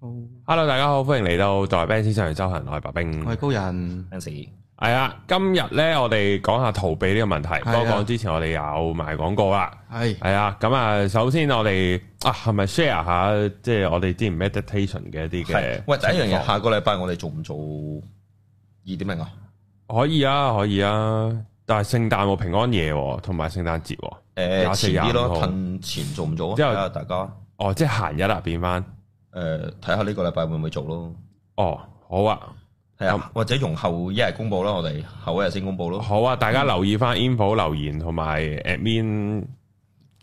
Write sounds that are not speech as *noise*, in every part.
Hello，大家好，歡迎嚟到在 Benz 上修行，我係白兵， *noise* 我係高人 Benz Sir 係啊。今日咧，我哋講下逃避呢個問題。是的 不過之前我哋有賣廣告啦，係係啊。咁啊，首先我哋啊，係咪 share 下即係我哋之前 meditation 嘅一啲嘅？喂，第一樣嘢，下個禮拜我哋做唔做二點零啊？可以啊，可以啊。但係聖誕和平安夜同埋聖誕節，誒、呃，前啲咯，趁前做唔做啊？之後大家哦，即係閒日啦，變翻。誒，睇下呢個禮拜會唔會做咯？哦，好啊，係啊，或者用後一日公布啦，我哋後一日先公布咯。好啊，大家留意翻 Impo 留言同埋 Admin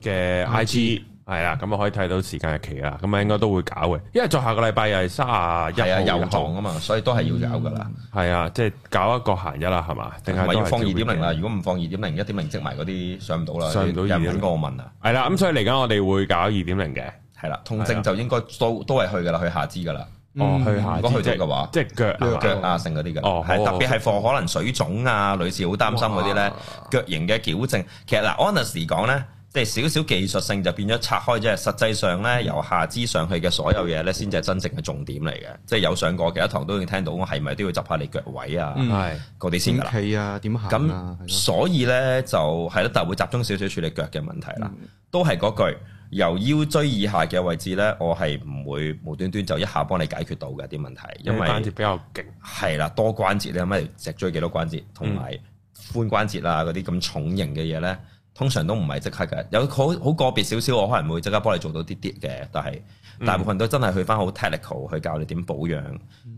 嘅 IG，係啊，咁啊可以睇到時間日期啦。咁啊應該都會搞嘅，因為再下個禮拜又係卅一，有堂啊嘛，所以都係要搞噶啦。係啊，即係搞一個閒日啦，係嘛？定係要放二點零啦，如果唔放二點零，一點零積埋嗰啲上唔到啦。上唔到二點零，我問啊。係啦，咁所以嚟緊我哋會搞二點零嘅。係啦，痛症就應該都都係去噶啦，去下肢噶啦。哦，去下肢。如果去咗嘅話，即係腳、腳啊，剩嗰啲嘅。哦，係特別係課可能水腫啊，女士好擔心嗰啲咧，腳型嘅矯正。其實嗱，Anus 講咧，即係少少技術性就變咗拆開啫。實際上咧，由下肢上去嘅所有嘢咧，先至係真正嘅重點嚟嘅。即係有上過其他堂，都已經聽到我係咪都要集下你腳位啊？嗯，係。嗰啲先企啊，點行啊？咁所以咧，就係咯，但係會集中少少處理腳嘅問題啦。都係嗰句。由腰椎以下嘅位置呢，我係唔會無端端就一下幫你解決到嘅啲問題，因為關節比較勁。係啦，多關節你有咩脊椎幾多關節，同埋髖關節啦，嗰啲咁重型嘅嘢呢，通常都唔係即刻嘅。有好好個別少少，我可能會即刻幫你做到啲啲嘅，但係、嗯、大部分都真係去翻好 technical 去教你點保養。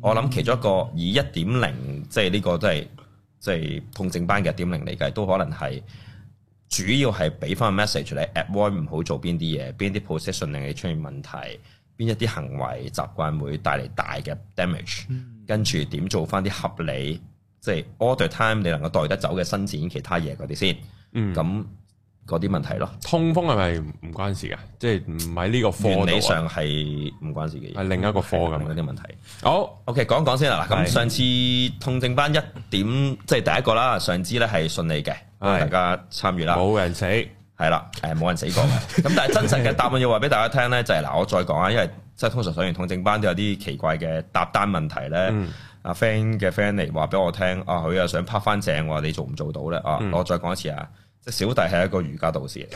我諗其中一個以一點零，即係呢個都係即係痛症班嘅點零嚟計，都可能係。主要係俾翻個 message 你，at work 唔好做邊啲嘢，邊啲 position 令你出現問題，邊一啲行為習慣會帶嚟大嘅 damage、嗯、跟住點做翻啲合理，即係 all the time 你能夠代得走嘅伸展其他嘢嗰啲先，咁、嗯。嗰啲問題咯，痛風是不是不係咪唔關事嘅？即係唔係呢個課、啊、原理上係唔關事嘅嘢，係另一個課咁嗰啲問題。好、oh，OK，講講先啊。咁是上次痛症班一點，即、就、係、是、第一個啦。上肢咧係順利嘅，大家參與啦，冇人死，係啦，誒冇人死過咁 *laughs* 但係真實嘅答案要話俾大家聽、就、咧、是，就係嗱，我再講啊，因為即係通常上完痛症班都有啲奇怪嘅搭單問題咧。阿 friend 嘅 friend 嚟話俾我聽，啊佢又想拍翻正，我話你做唔做到咧？啊，我再講一次啊。即小弟係一個瑜伽導師，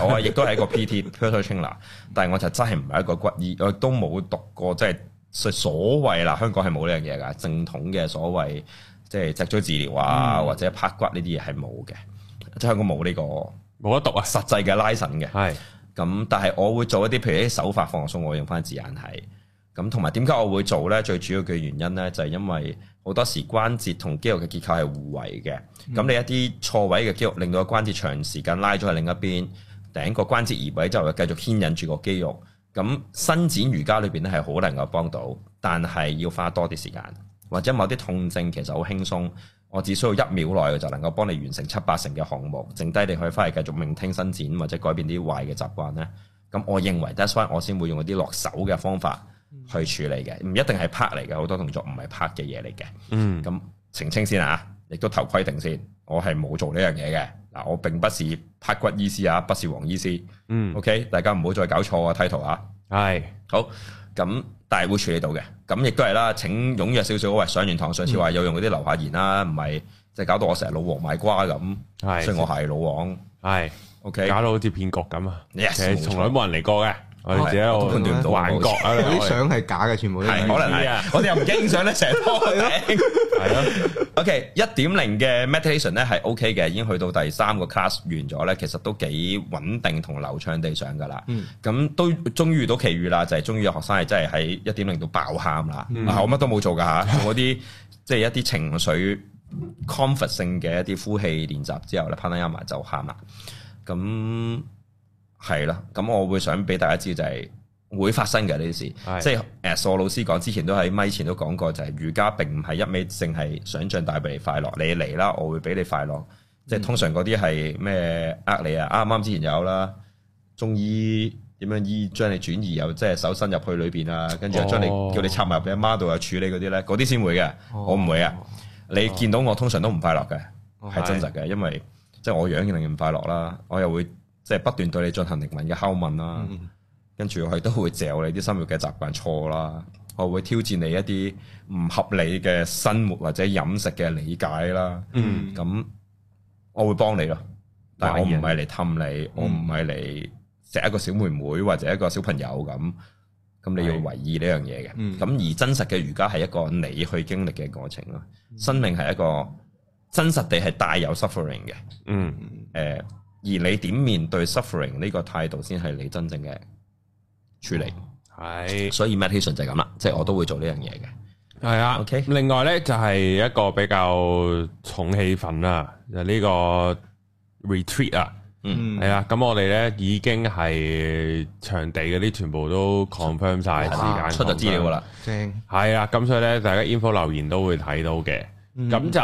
我亦都係一個 PT personal t i n e 但係我就真係唔係一個骨醫，我都冇讀過即係所所謂啦，香港係冇呢樣嘢㗎，正統嘅所謂即係脊椎治療啊或者拍骨呢啲嘢係冇嘅，嗯、即係香港冇呢、這個冇得讀啊，實際嘅拉神嘅係，咁是但係我會做一啲譬如啲手法放鬆，我用翻字眼係咁，同埋點解我會做咧？最主要嘅原因咧就係因為。好多時關節同肌肉嘅結構係互為嘅，咁、嗯、你一啲錯位嘅肌肉，令到個關節長時間拉咗去另一邊，頂個關節移位之後繼續牽引住個肌肉，咁伸展瑜伽裏邊咧係好能夠幫到，但係要花多啲時間。或者某啲痛症其實好輕鬆，我只需要一秒內嘅就能夠幫你完成七八成嘅項目，剩低你可以翻去繼續聆聽伸展或者改變啲壞嘅習慣咧。咁我認為 that's why 我先會用一啲落手嘅方法。去處理嘅，唔一定係拍嚟嘅，好多動作唔係拍嘅嘢嚟嘅。嗯，咁澄清先啊，亦都頭盔定先，我係冇做呢樣嘢嘅。嗱，我並不是拍骨醫師啊，不是王醫師。嗯，OK，大家唔好再搞錯啊，title 啊。係、嗯，好，咁但係會處理到嘅，咁亦都係啦。請踴躍少少。喂，上完堂上次話有用嗰啲留下言啦，唔係即係搞到我成日老王賣瓜咁。係、嗯，所以我係老王。係是，OK，搞到好似騙局咁啊。Yes，從錯來冇人嚟過嘅。或者我判斷唔到幻覺啊，啲 *laughs* 相係假嘅，全部都 *laughs* 可能係。 *laughs* 我哋又唔驚影相咧，成日拖去咯。係 *laughs* 咯，OK，一點零嘅 meditation 咧係 OK 嘅，已經去到第三個 class 完咗咧，其實都幾穩定同流暢地上噶啦。咁、嗯、都終於遇到奇遇啦，就係終於有學生係真係喺一點零度爆喊啦、嗯啊。我乜都冇做噶吓，啲即係一啲情緒 comfort 性嘅一啲呼氣練習之後咧，partner 埋就喊啦。咁。係啦，咁我會想俾大家知就係會發生嘅呢啲事，的即係誒，蘇老師講之前都喺咪前都講過，就係、是、瑜伽並唔係一味淨係想象帶俾你快樂，你嚟啦，我會俾你快樂。嗯、即係通常嗰啲係咩呃你啊，啱啱之前有啦，中醫點樣醫將你轉移，又即係手伸入去裏邊啊，跟住又將你、哦、叫你插埋俾阿媽度又處理嗰啲咧，嗰啲先會嘅，哦、我唔會啊。哦、你見到我通常都唔快樂嘅，係、哦、真實嘅，因為即係是、就是、我樣令人唔快樂啦，我又會。即係不斷對你進行靈魂嘅拷問啦，嗯、跟住佢都會借我你啲生活嘅習慣錯啦，我會挑戰你一啲唔合理嘅生活或者飲食嘅理解啦。嗯，咁我會幫你咯，但係我唔係嚟氹你，嗯、我唔係嚟錫一個小妹妹或者一個小朋友咁，咁你要維意呢樣嘢嘅。咁、嗯、而真實嘅瑜伽係一個你去經歷嘅過程咯，生命係一個真實地係帶有 suffering 嘅。嗯、誒、嗯。而你點面對 suffering 呢個態度，先係你真正嘅處理。係，所以 meditation 就係咁啦，即係我都會做呢樣嘢嘅。係啊，OK。另外咧就係一個比較重氣氛啦，就呢個 retreat 啊。嗯，係啊。咁我哋咧已經係場地嗰啲全部都 confirm 曬時間出咗資料啦。正係啊，咁所以咧大家 info 留言都會睇到嘅。咁、嗯、就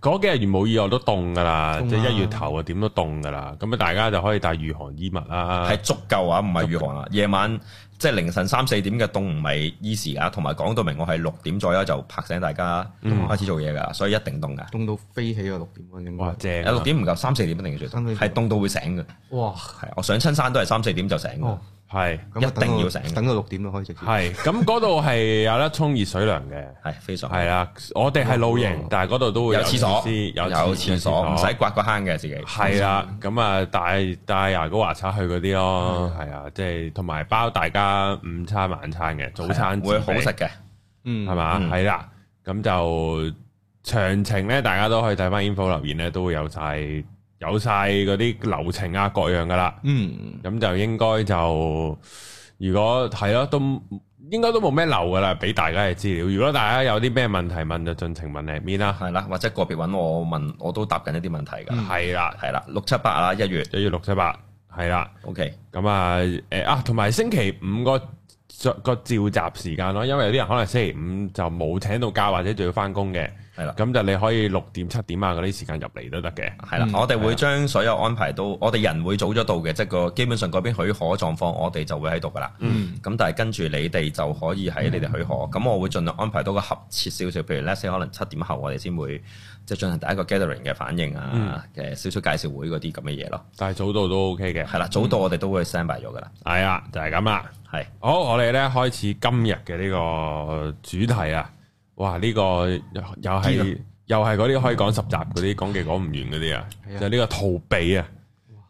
嗰幾日元冇意外都凍噶啦，即係一月頭啊，點都凍噶啦。咁啊，大家就可以帶御寒衣物啦。係足夠啊，唔係御寒啊。夜、嗯、晚即係、就是、凌晨三四點嘅凍唔係呢時啊，同埋講到明我係六點左右就拍醒大家開始做嘢噶，嗯、所以一定凍噶，凍到飛起正啊！六點咁樣哇正，六點唔夠，三四點一定算，係凍到會醒嘅。哇，係我上親山都係三四點就醒。哦。係，一定要成等到六點就可以食。係，咁嗰度係有得沖熱水涼嘅，係非常。係啦，我哋係露營，但係嗰度都會有廁所先，有廁所，唔使刮個坑嘅自己。係啦，咁啊帶帶牙膏牙刷去嗰啲咯。係啊，即係同埋包大家午餐晚餐嘅早餐，會好食嘅，嗯，係嘛，係啦，咁就詳情咧，大家都可以睇翻煙火留言咧，都會有晒。有晒嗰啲流程啊，各樣噶啦，嗯，咁就應該就如果係咯、啊，都應該都冇咩留噶啦，俾大家嘅資料。如果大家有啲咩問題問就盡情問嚟面啦、啊，係啦、啊，或者個別揾我問，我都答緊一啲問題噶。係啦、嗯，係啦，六七八啦，一月一月六七八，係啦，OK。咁啊，誒啊，同埋星期五個個召集時間咯，因為有啲人可能星期五就冇請到假，或者仲要翻工嘅。係啦，咁就你可以六點七點啊嗰啲時間入嚟都得嘅。係啦，我哋會將所有安排到，我哋人會早咗到嘅，即係個基本上嗰邊許可狀況，我哋就會喺度噶啦。嗯，咁但係跟住你哋就可以喺你哋許可，咁我會盡量安排到個合適少少，譬如 let's say 可能七點後我哋先會即係進行第一個 gathering 嘅反應啊嘅少少介紹會嗰啲咁嘅嘢咯。但係早到都 OK 嘅，係啦，早到我哋都會 stand by 咗噶啦。係啊，就係咁啦。係，好，我哋咧開始今日嘅呢個主題啊。哇！呢個又係又係嗰啲可以講十集嗰啲講極講唔完嗰啲啊！的就呢個逃避啊，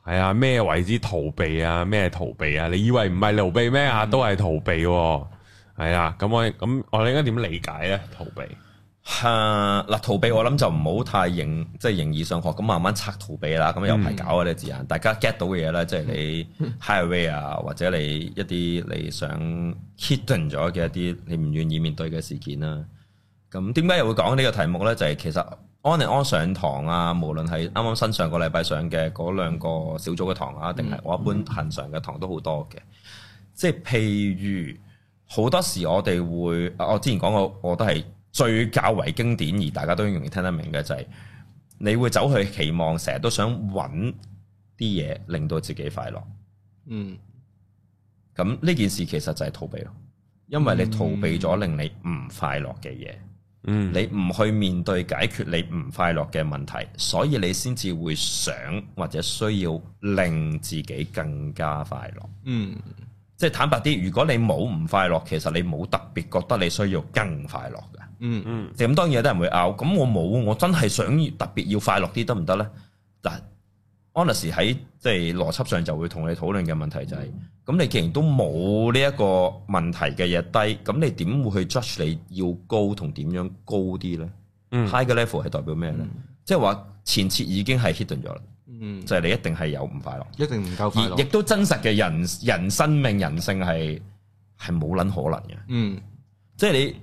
係啊哇，咩為之逃避啊？咩逃避啊？你以為唔係逃避咩啊？都係逃避喎！係啊，咁我咁我哋應該點理解咧？逃避啊嗱，逃避我諗就唔好太形即係形而上學，咁慢慢拆逃避啦。咁又唔係搞嗰啲字眼，嗯、大家 get 到嘅嘢咧，即係你 highway 啊，或者你一啲你想 hidden 咗嘅一啲你唔願意面對嘅事件啦。咁點解又會講呢個題目呢？就係、是、其實安尼安上堂啊，無論係啱啱新上個禮拜上嘅嗰兩個小組嘅堂啊，定係我一般行上嘅堂都好多嘅。嗯、即係譬如好多時我哋會，我之前講過，我覺得係最較為經典而大家都容易聽得明嘅，就係、是、你會走去期望，成日都想揾啲嘢令到自己快樂。嗯。咁呢件事其實就係逃避，因為你逃避咗令你唔快樂嘅嘢。你唔去面對解決你唔快樂嘅問題，所以你先至會想或者需要令自己更加快樂。嗯，即係坦白啲，如果你冇唔快樂，其實你冇特別覺得你需要更快樂嘅。嗯，嗯嗯，咁當然有啲人會拗，咁我冇，我真係想特別要快樂啲得唔得呢？但 Honestly，喺即係邏輯上就會同你討論嘅問題就係、是，咁、嗯、你既然都冇呢一個問題嘅嘢低，咁你點會去 judge 你要高同點樣高啲咧、嗯？High 嘅 level 係代表咩咧？嗯、即係話前設已經係 hidden 咗啦，嗯、就係你一定係有唔快樂，一定唔夠快樂，亦都真實嘅人人生命人性係係冇捻可能嘅。嗯，即係你。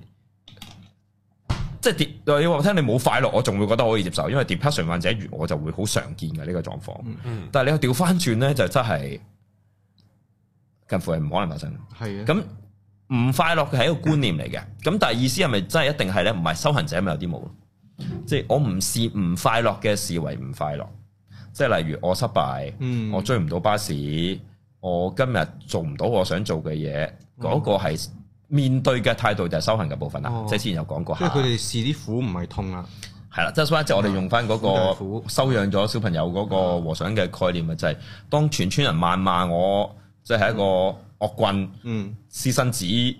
即係你話我聽你冇快樂，我仲會覺得可以接受，因為 depression 患者如我就會好常見嘅呢，這個狀況。嗯嗯，但係你去調翻轉呢，就真係近乎係唔可能發生。係啊的，咁唔快樂嘅係一個觀念嚟嘅。咁的但係意思係咪真係一定係呢？唔係修行者咪有啲冇？即係、嗯、我唔視唔快樂嘅視為唔快樂。即係例如我失敗，我追唔到巴士，嗯、我今日做唔到我想做嘅嘢，嗰、嗯、個係。面對嘅態度就係修行嘅部分啦，哦、即係之前有講過吓。佢哋試啲苦唔係痛啦。係啦，即係翻即係我哋用翻嗰個收養咗小朋友嗰個和尚嘅概念啊，就係當全村人謾罵我，即、就、係、係、一個惡棍、嗯，嗯私生子、淫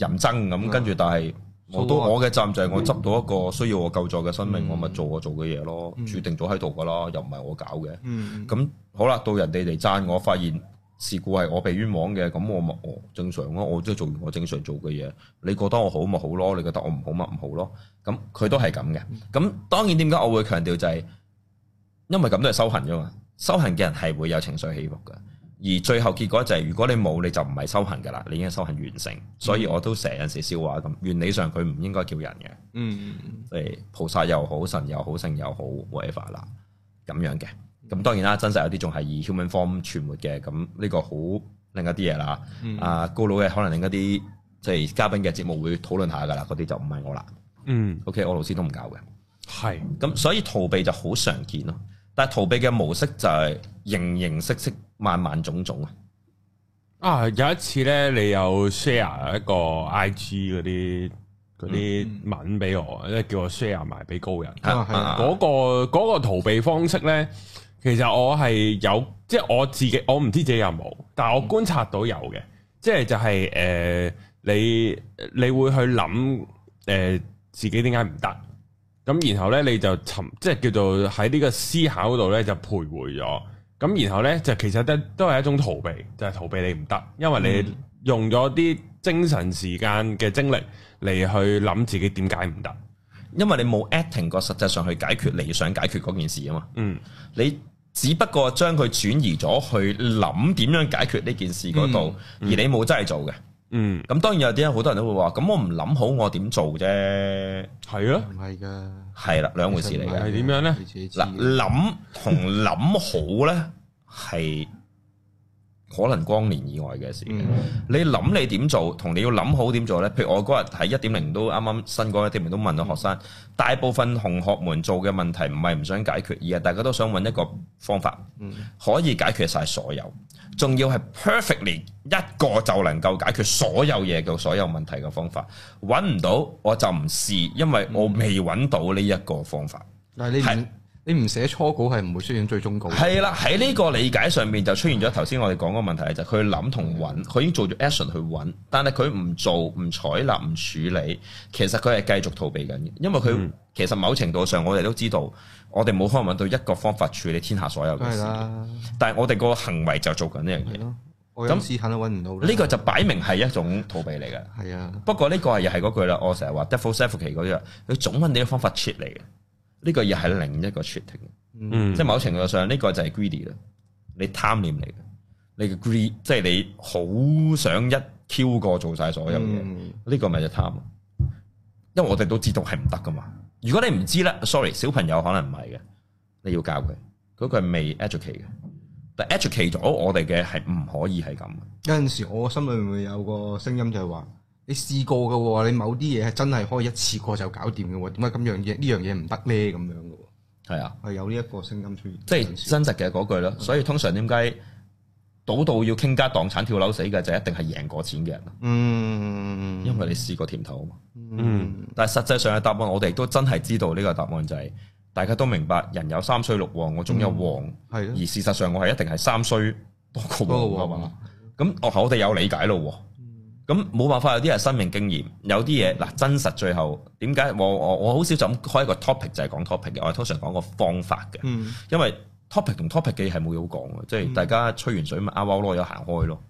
僧咁，跟住但係我都我嘅責任就係我執到一個需要我救助嘅生命，嗯、我咪做我做嘅嘢咯，嗯、注定咗喺度噶啦，又唔係我搞嘅。咁、嗯、好啦，到人哋嚟讚我，我發現。事故係我被冤枉嘅，咁我冇、哦、正常咯，我都做完我正常做嘅嘢。你覺得我好咪好咯，你覺得我唔好咪唔好咯。咁佢都係咁嘅。咁當然點解我會強調就係、是，因為咁都係修行啫嘛。修行嘅人係會有情緒起伏嘅，而最後結果就係如果你冇你就唔係修行噶啦，你已經修行完成。所以我都成日有時笑話咁，原理上佢唔應該叫人嘅。嗯，誒，菩薩又好，神又好，聖又好 whatever 啦，咁樣嘅。咁當然啦，真實有啲仲係以 human form 傳媒嘅，咁呢個好另一啲嘢啦。嗯、啊，高佬嘅可能另一啲即係嘉賓嘅節目會討論下㗎啦，嗰啲就唔係我啦。嗯，OK，我老師都唔搞嘅。係是。咁所以逃避就好常見咯。但係逃避嘅模式就係形形色色、萬萬種種啊。啊，有一次咧，你有 share 一個 IG 嗰啲啲文俾、嗯、我，即係叫我 share 埋俾高人。啊，係。嗰個嗰個逃避方式咧。其實我係有，即係我自己，我唔知自己有冇，但係我觀察到有嘅，嗯、即係就係誒，你你會去諗誒、呃、自己點解唔得，咁然後咧你就沉，即係叫做喺呢個思考度咧就徘徊咗，咁然後咧就其實都都係一種逃避，就係、是、逃避你唔得，因為你用咗啲精神時間嘅精力嚟去諗自己點解唔得，因為你冇 acting 過，實際上去解決你想解決嗰件事啊嘛，嗯，你。只不過將佢轉移咗去諗點樣解決呢件事嗰度，嗯、而你冇真係做嘅。嗯，咁當然有啲人好多人都會話，咁我唔諗好我點做啫。係啊，唔係噶，係啦，兩回事嚟嘅。係點樣咧？嗱，諗同諗好咧，係。可能光年以外嘅事，嗯、你諗你點做，同你要諗好點做呢？譬如我嗰日喺一點零都啱啱新講，一點零都問到學生，嗯、大部分同學們做嘅問題唔係唔想解決，而係大家都想揾一個方法可以解決晒所有，仲要係 perfectly 一個就能夠解決所有嘢嘅所有問題嘅方法。揾唔到我就唔試，因為我未揾到呢一個方法。你唔寫初稿係唔會出現最終稿。係啦，喺呢個理解上面就出現咗頭先我哋講個問題，就係佢諗同揾，佢已經做咗 action 去揾，但係佢唔做、唔採納、唔處理，其實佢係繼續逃避緊嘅。因為佢其實某程度上我哋都知道，我哋冇可能揾到一個方法處理天下所有嘅事。的但係我哋個行為就做緊呢樣嘢。咁史坦都揾唔到呢個就擺明係一種逃避嚟嘅。係啊的，不過呢個又係嗰句啦，我成日話 default safety 嗰樣，佢總揾你嘅方法 cheap 嚟嘅。呢個又係另一個 i 定嘅，即係某程度上呢、這個就係 greedy 啦，你貪念嚟嘅，你嘅 greed 即係你好想一挑過做晒所有嘢，呢、嗯、個咪就貪咯。因為我哋都知道係唔得噶嘛，如果你唔知咧，sorry，小朋友可能唔係嘅，你要教佢，嗰個係未 educate 嘅，但 educate 咗我哋嘅係唔可以係咁。有陣時我心裏面會有個聲音就係話。你試過嘅喎，你某啲嘢係真係可以一次過就搞掂嘅喎，點解咁樣嘢呢樣嘢唔得咧咁樣嘅喎？係啊，係有呢一個聲音出現，即係真實嘅嗰句咯。嗯、所以通常點解賭到要傾家蕩產跳樓死嘅就係、一定係贏過錢嘅人嗯，因為你試過甜頭。嗯，但係實際上嘅答案我哋都真係知道呢個答案就係、係、大家都明白人有三衰六旺，我中有旺。係、嗯、而事實上我係一定係三衰多過旺嘛。咁、嗯嗯嗯、我哋有理解咯。咁冇辦法，有啲係生命經驗，有啲嘢嗱真實。最後點解我我我好少就咁開一個 topic 就係講 topic 嘅，我通常講個方法嘅，因為 topic 同 topic 嘅嘢係冇嘢好講嘅，嗯、即係大家吹完水咪啊哇咯，有行、嗯、開咯。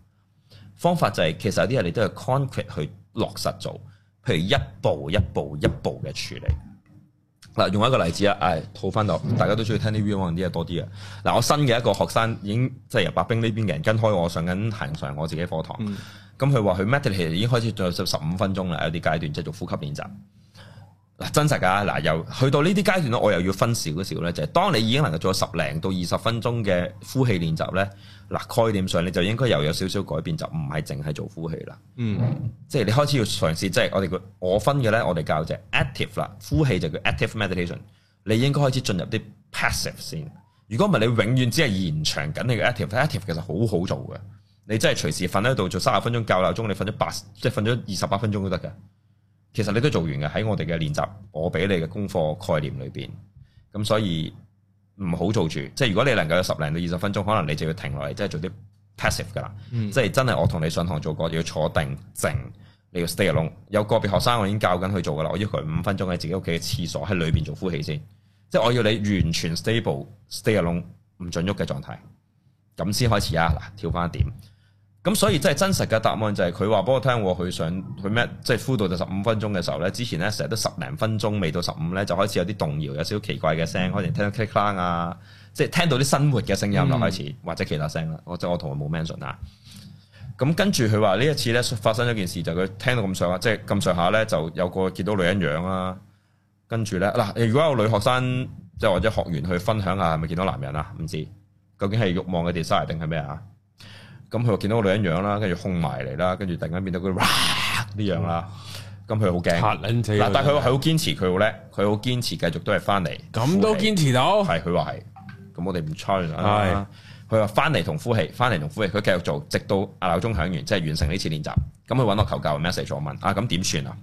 方法就係、是、其實有啲嘢你都係 concrete 去落實做，譬如一步一步一步嘅處理。嗱，用一個例子啊，誒、哎，套翻落大家都中意聽啲 view 可能啲啊多啲啊。嗱，我新嘅一個學生已經即係由白兵呢邊嘅人跟開我，上緊行上我自己課堂，咁佢話佢 m e t h 嚟其實已經開始做咗十五分鐘啦，有啲階段即係、就是、做呼吸練習。嗱，真實㗎，嗱又去到呢啲階段咧，我又要分少少咧，就係當你已經能夠做十零到二十分鐘嘅呼氣練習咧，嗱概念上你就應該又有少少改變，就唔係淨係做呼氣啦。嗯，即係你開始要嘗試，即係我哋個我分嘅咧，我哋教就係 active 啦，呼氣就叫 active meditation，你應該開始進入啲 passive 先。如果唔係，你永遠只係延長緊你嘅 active，active 其實好好做嘅，你真係隨時瞓喺度做三十分鐘教鬧鐘，你瞓咗八即係瞓咗二十八分鐘都得嘅。其實你都做完嘅，喺我哋嘅練習，我俾你嘅功課概念裏邊，咁所以唔好做住。即係如果你能夠有十零到二十分鐘，可能你就要停落嚟，即係做啲 passive 噶啦。嗯、即係真係我同你上堂做過，你要坐定靜，你要 stay alone。有個別學生我已經教緊佢做噶啦，我要佢五分鐘喺自己屋企嘅廁所喺裏邊做呼氣先。即係我要你完全 stable，stay alone，唔准喐嘅狀態，咁先開始啊，跳翻一點。咁所以真係真實嘅答案就係佢話幫我聽，佢想佢咩即係呼到就十五分鐘嘅時候咧，之前咧成日都十零分鐘未到十五咧，就開始有啲動搖，有少少奇怪嘅聲，嗯、開始聽到 click clang 啊，即係聽到啲生活嘅聲音啦，開始、嗯、或者其他聲啦，我即我同佢冇 mention 啊。咁跟住佢話呢一次咧發生咗件事就，就佢聽到咁上下，即係咁上下咧就有個見到女人樣啊。跟住咧嗱，如果有女學生即係、就是、或者學員去分享下，係咪見到男人啊？唔知究竟係欲望嘅 desire 定係咩啊？咁佢又見到個女人樣啦，跟住控埋嚟啦，跟住突然間變到佢哇呢樣啦，咁佢好驚。嗯、但係佢係好堅持，佢好叻，佢好堅持繼續都係翻嚟。咁都堅持到，係佢話係。咁我哋唔吹啦。係，佢話翻嚟同呼氣，翻嚟同呼氣，佢繼續做，直到阿鬧鐘響完，即係完成呢次練習。咁佢揾我求教，message 我問啊，咁點算啊？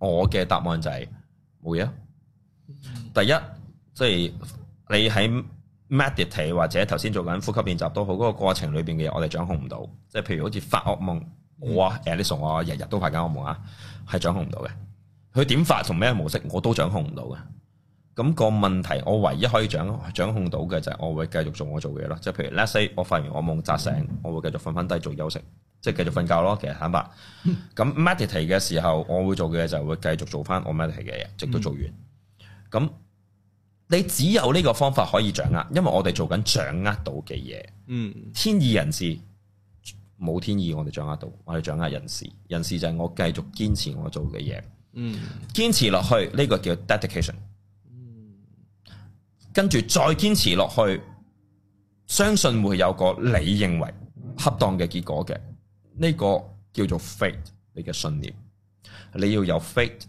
我嘅答案就係冇嘢。第一，即係你喺。meditate 或者頭先做緊呼吸練習都好，嗰、個過程裏邊嘅嘢我哋掌控唔到，即係譬如好似發惡夢，我誒你傻，我日日都發緊惡夢啊，係掌控唔到嘅。佢點發同咩模式我都掌控唔到嘅。咁、個問題我唯一可以掌控掌控到嘅就係我會繼續做我做嘅嘢咯。即係譬如 let’s say 我發完惡夢扎醒，我會繼續瞓翻低做休息，嗯、即係繼續瞓覺咯。其實坦白，咁、嗯、meditate 嘅時候我會做嘅嘢就係會繼續做翻我 meditate 嘅嘢，直到做完。咁、嗯。你只有呢個方法可以掌握，因為我哋做緊掌握到嘅嘢。嗯，天意人事冇天意，我哋掌握到，我哋掌握人事，人事就係我繼續堅持我做嘅嘢。嗯，堅持落去呢個叫 dedication。跟住再堅持落去，相信會有個你認為恰當嘅結果嘅。呢個叫做 faith，你嘅信念，你要有 faith，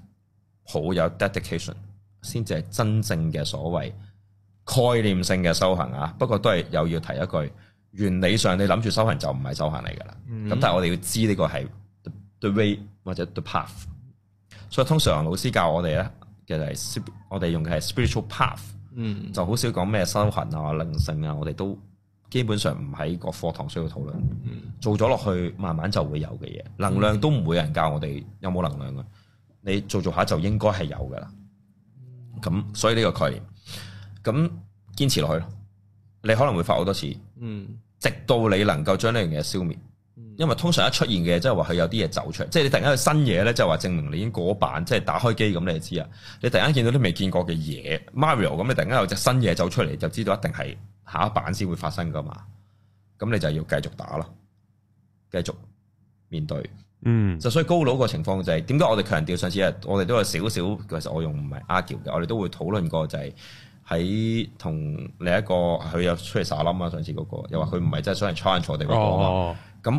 好有 dedication。先至係真正嘅所謂概念性嘅修行啊。不過都係又要提一句，原理上你諗住修行就唔係修行嚟㗎啦。咁、嗯、但係我哋要知呢個係 the way 或者 the path。所以通常老師教我哋咧其實係、嗯、就係我哋用嘅係 spiritual path，就好少講咩修行啊、靈性啊。我哋都基本上唔喺個課堂需要討論。嗯、做咗落去，慢慢就會有嘅嘢。能量都唔會有人教我哋有冇能量啊。你做做下就應該係有㗎啦。咁所以呢個概念，咁堅持落去咯，你可能會發好多次，嗯，直到你能夠將呢樣嘢消滅，嗯、因為通常一出現嘅、就是，即係話佢有啲嘢走出，嚟，即係你突然間有新嘢咧，即係話、是、證明你已經嗰版，即係打開機咁你就知啊，你突然間見到啲未見過嘅嘢，Mario 咁你突然間有隻新嘢走出嚟，就知道一定係下一版先會發生噶嘛，咁你就要繼續打咯，繼續面對。嗯，就所以高佬個情況就係，點解我哋強調上次啊，我哋都有少少，其實我用唔係 argue 嘅，我哋都會討論過就係喺同另一個佢又出去耍冧啊，上次嗰，那個又話佢唔係真係想嚟人 challenge 我哋嘅，咁，哦哦，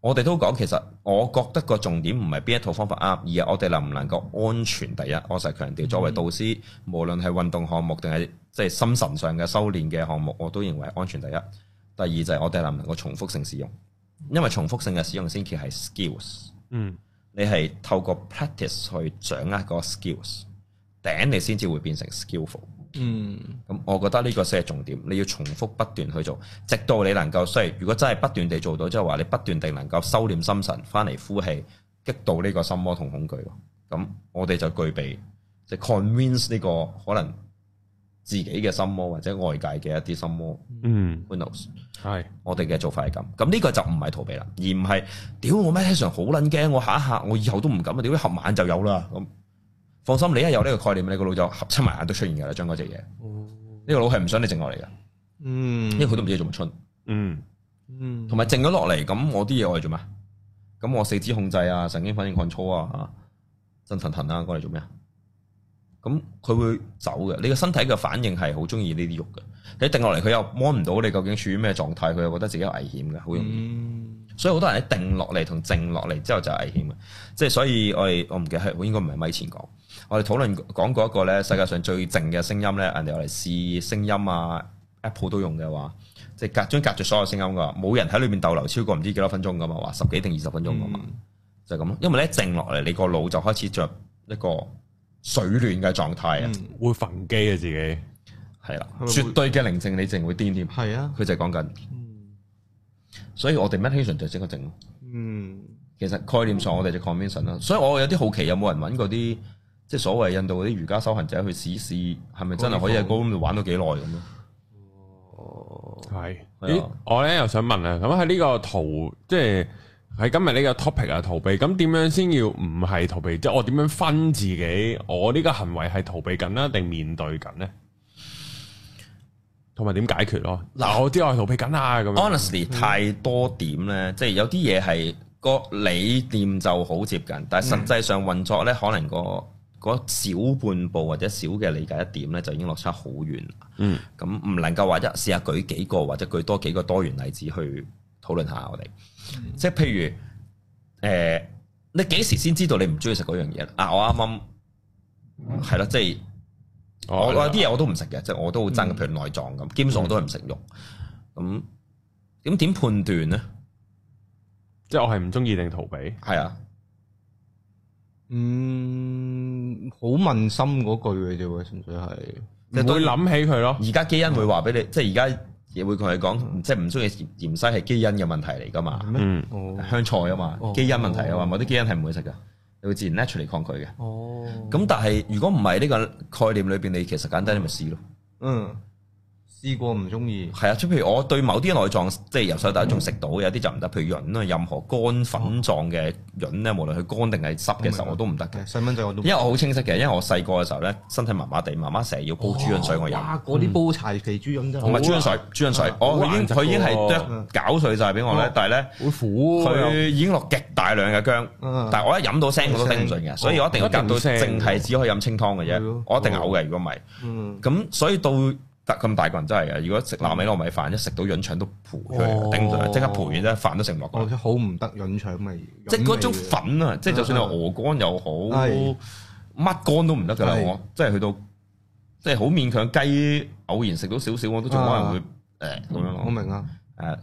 我哋都講，其實我覺得個重點唔係邊一套方法啱，而係我哋能唔能夠安全第一。我成日強調，作為導師，嗯，無論係運動項目定係即係心神上嘅修煉嘅項目，我都認為安全第一。第二就係我哋能唔能夠重複性使用。因為重複性嘅使用先至係 skills，嗯，你係透過 practice 去掌握個 skills，頂你先至會變成 skillful，嗯。咁我覺得呢個先係重點，你要重複不斷去做，直到你能夠，所以如果真係不斷地做到，即係話你不斷地能夠收斂心神，翻嚟呼氣，激到呢個心魔同恐懼。咁我哋就具備就 convince 呢個可能。自己嘅心魔或者外界嘅一啲心魔，嗯，係我哋嘅做法係咁，咁呢個就唔係逃避啦，而唔係屌我咩上好撚驚，我下一下，我以後都唔敢啊！屌，一合眼就有啦，咁放心，你係有呢個概念，你 ant,、mm. 個腦就合親埋眼都出現㗎啦，將嗰隻嘢，呢個腦係唔想你靜落嚟嘅，嗯，因為佢都唔知做乜春。嗯嗯，同埋靜咗落嚟，咁我啲嘢、mm. mm. 我嚟做咩？咁我四肢控制啊，神經反應抗粗啊，震神騰啊，過嚟做咩啊？咁佢會走嘅，你個身體嘅反應係好中意呢啲肉嘅。你定落嚟，佢又摸唔到你究竟處於咩狀態，佢又覺得自己有危險嘅，好容易。嗯、所以好多人一定落嚟同靜落嚟之後就危險嘅。即係，所以我哋我唔記得係，我應該唔係米前講，我哋討論講過一個咧，世界上最靜嘅聲音咧，人哋嚟試聲音啊，Apple 都用嘅話，即係隔將隔住所有聲音噶，冇人喺裏面逗留超過唔知幾多分鐘噶嘛，話十幾定二十分鐘噶嘛，嗯、就係咁咯。因為咧靜落嚟，你個腦就開始着一個。水暖嘅狀態啊，會焚機嘅自己係啦的，會絕對嘅寧靜你淨會癲添，係啊的，佢就係講緊，嗯、所以我哋 meditation 就係整個靜咯。嗯，其實概念上我哋就 convention 啦，所以我有啲好奇有冇人揾嗰啲即係所謂印度嗰啲瑜伽修行者去試試，係咪真係可以喺高度玩到幾耐咁咯？哦，係，咦，我咧又想問啊，咁喺呢個圖嘅。即喺今日呢個 topic 啊，逃避咁點樣先要唔係逃避？即係我點樣分自己？我呢個行為係逃避緊啦，定面對緊呢？同埋點解決咯？嗱，我知道我係逃避緊啦。咁 *laughs* 樣 Honestly，太多點咧，嗯、即係有啲嘢係個理念就好接近，但係實際上運作咧，可能個、嗯、小半步或者小嘅理解一點咧，就已經落差好遠啦。嗯，咁唔能夠或者試下舉幾個或者舉多幾個多元例子去討論下我哋。即係譬如誒、呃，你幾時先知道你唔中意食嗰樣嘢？啊，我啱啱係啦，即係我有啲嘢我都唔食嘅，即係我都會憎，嗯、譬如內臟咁，基本上我都係唔食肉。咁咁點判斷咧？即係我係唔中意定逃避？係啊，嗯，好問心嗰句佢哋喎，純粹係唔會諗起佢咯。而家、嗯、基因會話俾你，即係而家。也會同佢講，嗯、即係唔中意芫芫荽係基因嘅問題嚟噶嘛？嗯，香菜啊嘛，哦、基因問題啊嘛，哦、某啲基因係唔會食噶，你會自然 naturally 抗拒嘅。哦，咁但係如果唔係呢個概念裏邊，你其實簡單你咪試咯。哦、嗯。試過唔中意，係啊，即譬如我對某啲內臟，即係入手第一仲食到，有啲就唔得。譬如潤啊，任何乾粉狀嘅潤咧，無論佢乾定係濕嘅時候，我都唔得嘅。細蚊仔我都唔得，因為我好清晰嘅，因為我細個嘅時候咧，身體麻麻地，媽媽成日要煲豬潤水我飲，嗰啲煲柴肥豬潤真係，唔係豬潤水，豬潤水，我已經佢已經係剁攪碎晒俾我咧，但係咧會苦，佢已經落極大量嘅薑，但係我一飲到腥我都頂唔順嘅，所以我一定要隔到淨係只可以飲清湯嘅啫，我一定嘔嘅，如果唔係，咁所以到。得咁大個人真係嘅，如果食南米糯米飯，一食到潤腸都潑出嚟，頂住即、哦、刻潑完啦，飯都食唔落嚟。哦、好唔得潤腸咪，味即係嗰種粉啊！即係就算係鵝肝又好，乜、啊、肝都唔得㗎啦！啊啊、我即係去到，即係好勉強。雞偶然食到少少，我都仲可能會誒咁、啊欸、樣咯。我明啊，誒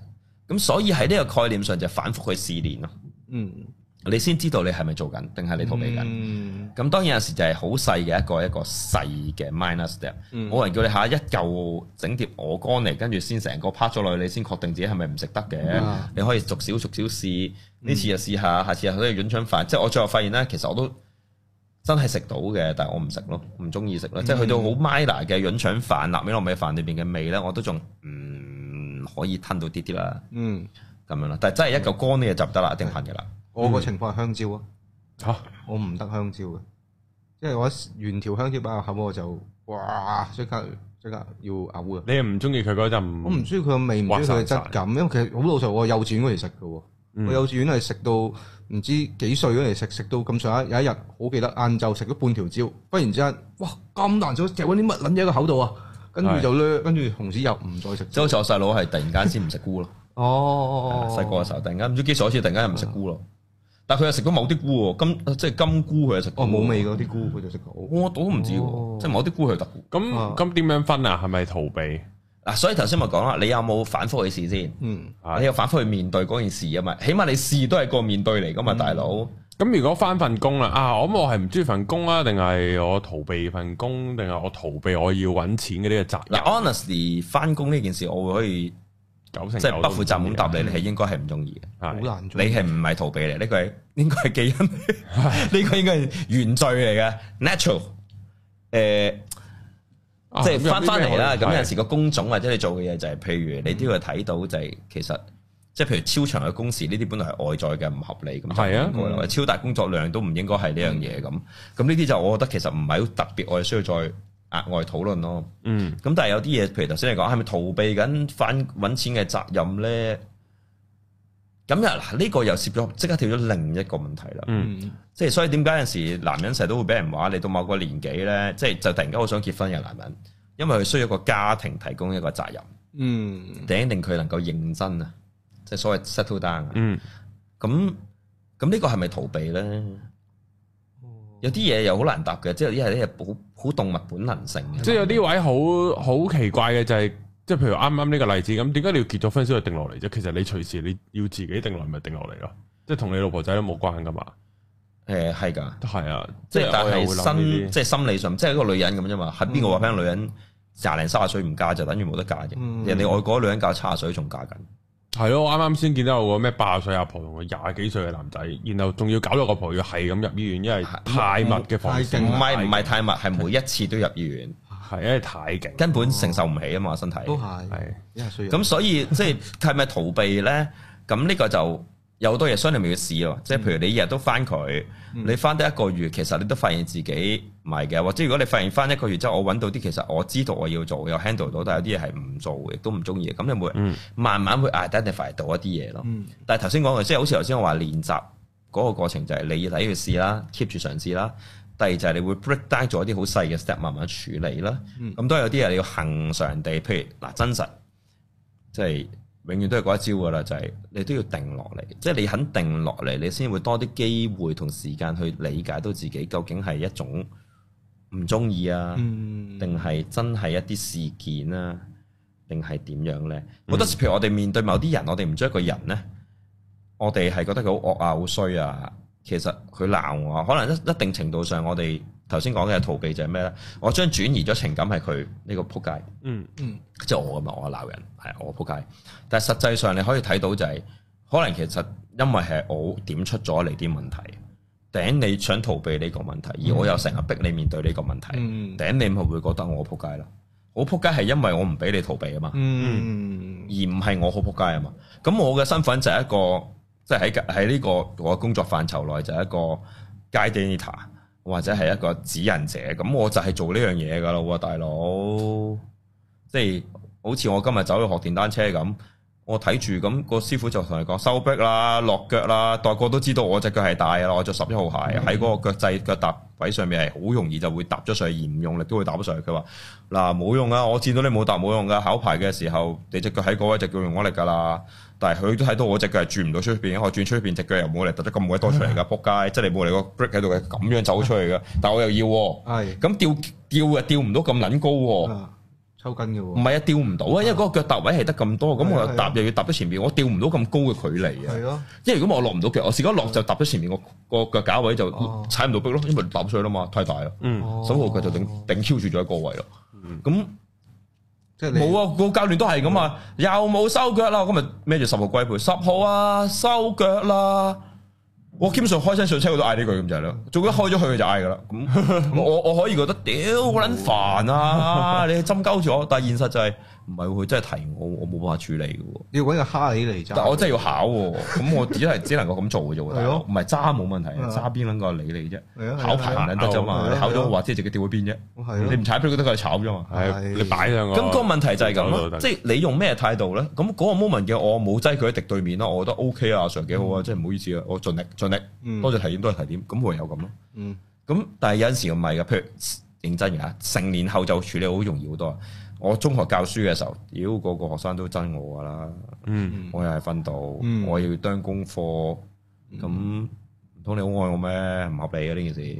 咁，所以喺呢個概念上就反覆去試練咯。嗯。你先知道你係咪做緊，定係你逃避緊？咁、嗯、當然有時就係好細嘅一個一個細嘅 minus step、嗯。冇人叫你下一嚿整碟鵝肝嚟，跟住先成個 part 咗落去，你先確定自己係咪唔食得嘅？嗯、你可以逐少逐少試，呢次就試下，下次又可以潤腸飯。嗯、即係我最後發現咧，其實我都真係食到嘅，但係我唔食咯，唔中意食咯。嗯、即係去到好 minor 嘅潤腸飯、臘味糯米飯裏邊嘅味咧，我都仲唔、嗯、可以吞到啲啲啦。嗯，咁樣啦。但係真係一嚿乾呢，就唔得啦，一定訓嘅啦。我個情況係香蕉啊，我唔得香蕉嘅，即係我原條香蕉擺入口我就哇即刻即刻要嘔啊。你係唔中意佢嗰陣？我唔中意佢嘅味，唔中意佢嘅質感，因為其實好老實喎，幼稚園嗰時食嘅喎，幼稚園係食到唔知幾歲嗰時食，食到咁上下有一日好記得晏晝食咗半條蕉，忽然之間哇咁難食，嚼緊啲乜撚嘢個口度啊，跟住就甩，跟住紅子又唔再食。即好似我細佬係突然間先唔食菇咯。哦，細個嘅時候突然間唔知幾時開始突然間又唔食菇咯。但佢又食過某啲菇，金，即係金菇，佢又食過。冇味嗰啲菇，佢就食過。我、哦、我都唔知，哦、即係某啲菇佢得。咁咁點樣分啊？係咪逃避嗱、啊？所以頭先咪講啦，你有冇反覆去試先？嗯，你有反覆去面對嗰件事啊嘛？起碼你試都係個面對嚟噶嘛，嗯、大佬哥。咁、嗯、如果翻份工啦，啊，咁我係唔中意份工啊，定係我逃避份工，定係我逃避我要揾錢嘅呢個責任？嗱，honestly，翻工呢件事我會可以。九九即係不負責任咁答你，你，的你係應該係唔中意嘅。好難，你係唔係逃避嚟？呢、這個係應該係基因，呢的 *laughs* 個應該係原罪嚟嘅。Natural，誒、呃，啊、即係翻翻嚟啦。咁的有陣時個工種或者你做嘅嘢就係、是，譬如你都要睇到就係、是，其實即係譬如超長嘅工時呢啲本來係外在嘅唔合理咁，係啊，的超大工作量都唔應該係呢樣嘢咁。咁呢啲就我覺得其實唔係好特別，我哋需要再。額外討論咯，嗯，咁但係有啲嘢，譬如頭先你講係咪逃避緊翻揾錢嘅責任咧？咁又嗱，呢個又涉咗，即刻跳咗另一個問題啦。嗯，即係所以點解有陣時男人成日都會俾人話你到某個年紀咧，即係就突然間好想結婚嘅男人，因為佢需要一個家庭提供一個責任，嗯，頂定佢能夠認真啊，即係所謂 settle down 嗯，咁咁呢個係咪逃避咧？有啲嘢又好難答嘅，即係一係咧，好好動物本能性。即係有啲位好好奇怪嘅，就是，就係即係譬如啱啱呢個例子咁，點解你要結咗婚先去定落嚟啫？其實你隨時你要自己定落咪定落嚟咯，即係同你老婆仔都冇關噶嘛。誒、嗯，係噶，係啊是，即係但係心，即係心理上，即係一個女人咁啫嘛。係邊個話俾女人廿零三十歲唔嫁就等於冇得嫁嘅？人哋、嗯、外國女人嫁卅歲仲嫁緊。係咯，我啱啱先見到有個咩八十歲阿婆同個廿幾歲嘅男仔，然後仲要搞到個婆要係咁入醫院，因為太密嘅房，唔係唔係太密，係每一次都入醫院，係因為太激，根本承受唔起啊嘛身體，都係是，係因為需要。咁所以 *laughs* 即係係咪逃避咧？咁呢個就。有好多嘢需要你去試咯，即係譬如你日日都翻佢，嗯、你翻得一個月，其實你都發現自己唔係嘅，或者如果你發現翻一個月之後，我揾到啲其實我知道我要做，有 handle 到，但有啲嘢係唔做，亦都唔中意，咁你會慢慢會 identify 到一啲嘢咯。嗯、但係頭先講嘅，即係好似頭先我話練習嗰個過程就係你要睇去試啦，keep 住嘗試啦。第二就係你會 break down 做一啲好細嘅 step，慢慢處理啦。咁、嗯嗯、都係有啲嘢你要恒常地，譬如嗱真實，即係。永遠都係嗰一招㗎啦，就係、是、你都要定落嚟，即、就、係、是、你肯定落嚟，你先會多啲機會同時間去理解到自己究竟係一種唔中意啊，定係、嗯、真係一啲事件啊，定係點樣呢？好、嗯、多時譬如我哋面對某啲人，我哋唔中意一個人呢，我哋係覺得佢好惡啊、好衰啊，其實佢鬧我，可能一一定程度上我哋。頭先講嘅逃避就係咩咧？我將轉移咗情感係佢呢個撲街、嗯，嗯嗯，即係我咁啊，我鬧人係我撲街。但係實際上你可以睇到就係、是，可能其實因為係我點出咗你啲問題，頂你想逃避呢個問題，而我又成日逼你面對呢個問題，頂、嗯、你咪會覺得我撲街咯。我撲街係因為我唔俾你逃避啊嘛，嗯，而唔係我好撲街啊嘛。咁我嘅身份就係一個，即係喺喺呢個、這個、我嘅工作範疇內就係一個 guide。或者係一個指引者，咁我就係做呢樣嘢噶咯喎，大佬，即係好似我今日走去學電單車咁。我睇住咁個師傅就同你講收壁啦，落腳啦，大個都知道我隻腳係大啊，我着十一號鞋，喺嗰個腳制腳踏位上面係好容易就會踏咗上去，而唔用力都會踏咗上去。佢話：嗱冇用啊，我見到你冇踏冇用噶啊。考牌嘅時候你隻腳喺嗰位就叫用我力噶啦。但係佢都睇到我隻腳係轉唔到出邊，我轉出邊隻腳又冇力，突得咁鬼多出嚟㗎，仆街！即係你冇你個 break 喺度係咁樣走出嚟㗎。但係我又要啊，係咁吊吊吊啊吊唔到咁撚高喎。收緊嘅唔係啊，吊唔到啊，因為嗰個腳踏位係得咁多，咁、啊啊、我又踏又要踏到前面，我吊唔到咁高嘅距離啊。係咯，因為如果我落唔到腳，我試過落就踏到前面，個個腳架位就踩唔到冰咯，啊、因為冧碎啦嘛，太大啊。嗯，十號腳就頂、啊、頂住咗一個位咯。咁、嗯、那即係冇啊！個教練都係咁啊，嗯、又冇收腳啦。今日孭住十號龜背，十號啊，收腳啦。我基本上開車上車我都嗌呢句，咁就係啦，仲一開咗去佢就嗌㗎喇。咁 *laughs* 我我可以覺得屌， *laughs* 我撚煩啊！ *laughs* 你針鳩住我，但係現實就係、是。唔係，佢真係提我，我冇辦法處理嘅。你要搵個哈你嚟揸。但我真係要考，咁我只係只能夠咁做嘅啫。係咯，唔係揸冇問題，揸邊個理你啫。係啊，考牌唔得啫嘛。考咗我話即係直接掉去邊啫。係啊，你唔踩票佢都係炒啫嘛。係啊，你擺上個。咁個問題就係咁，即係你用咩態度咧？咁嗰個 moment 嘅我冇擠佢喺敵對面啦，我覺得 O K 啊，Sir 幾好啊，即係唔好意思啊，我盡力盡力，多謝提點多謝提點，咁唯有咁咯。嗯，咁但係有陣時唔係噶，譬如認真嘅，成年後就處理好容易好多。我中學教書嘅時候，妖，個個學生都憎我噶啦，嗯、我又係訓導，嗯、我要當功課，咁唔通你好愛我咩？唔合理呀呢件事，咁、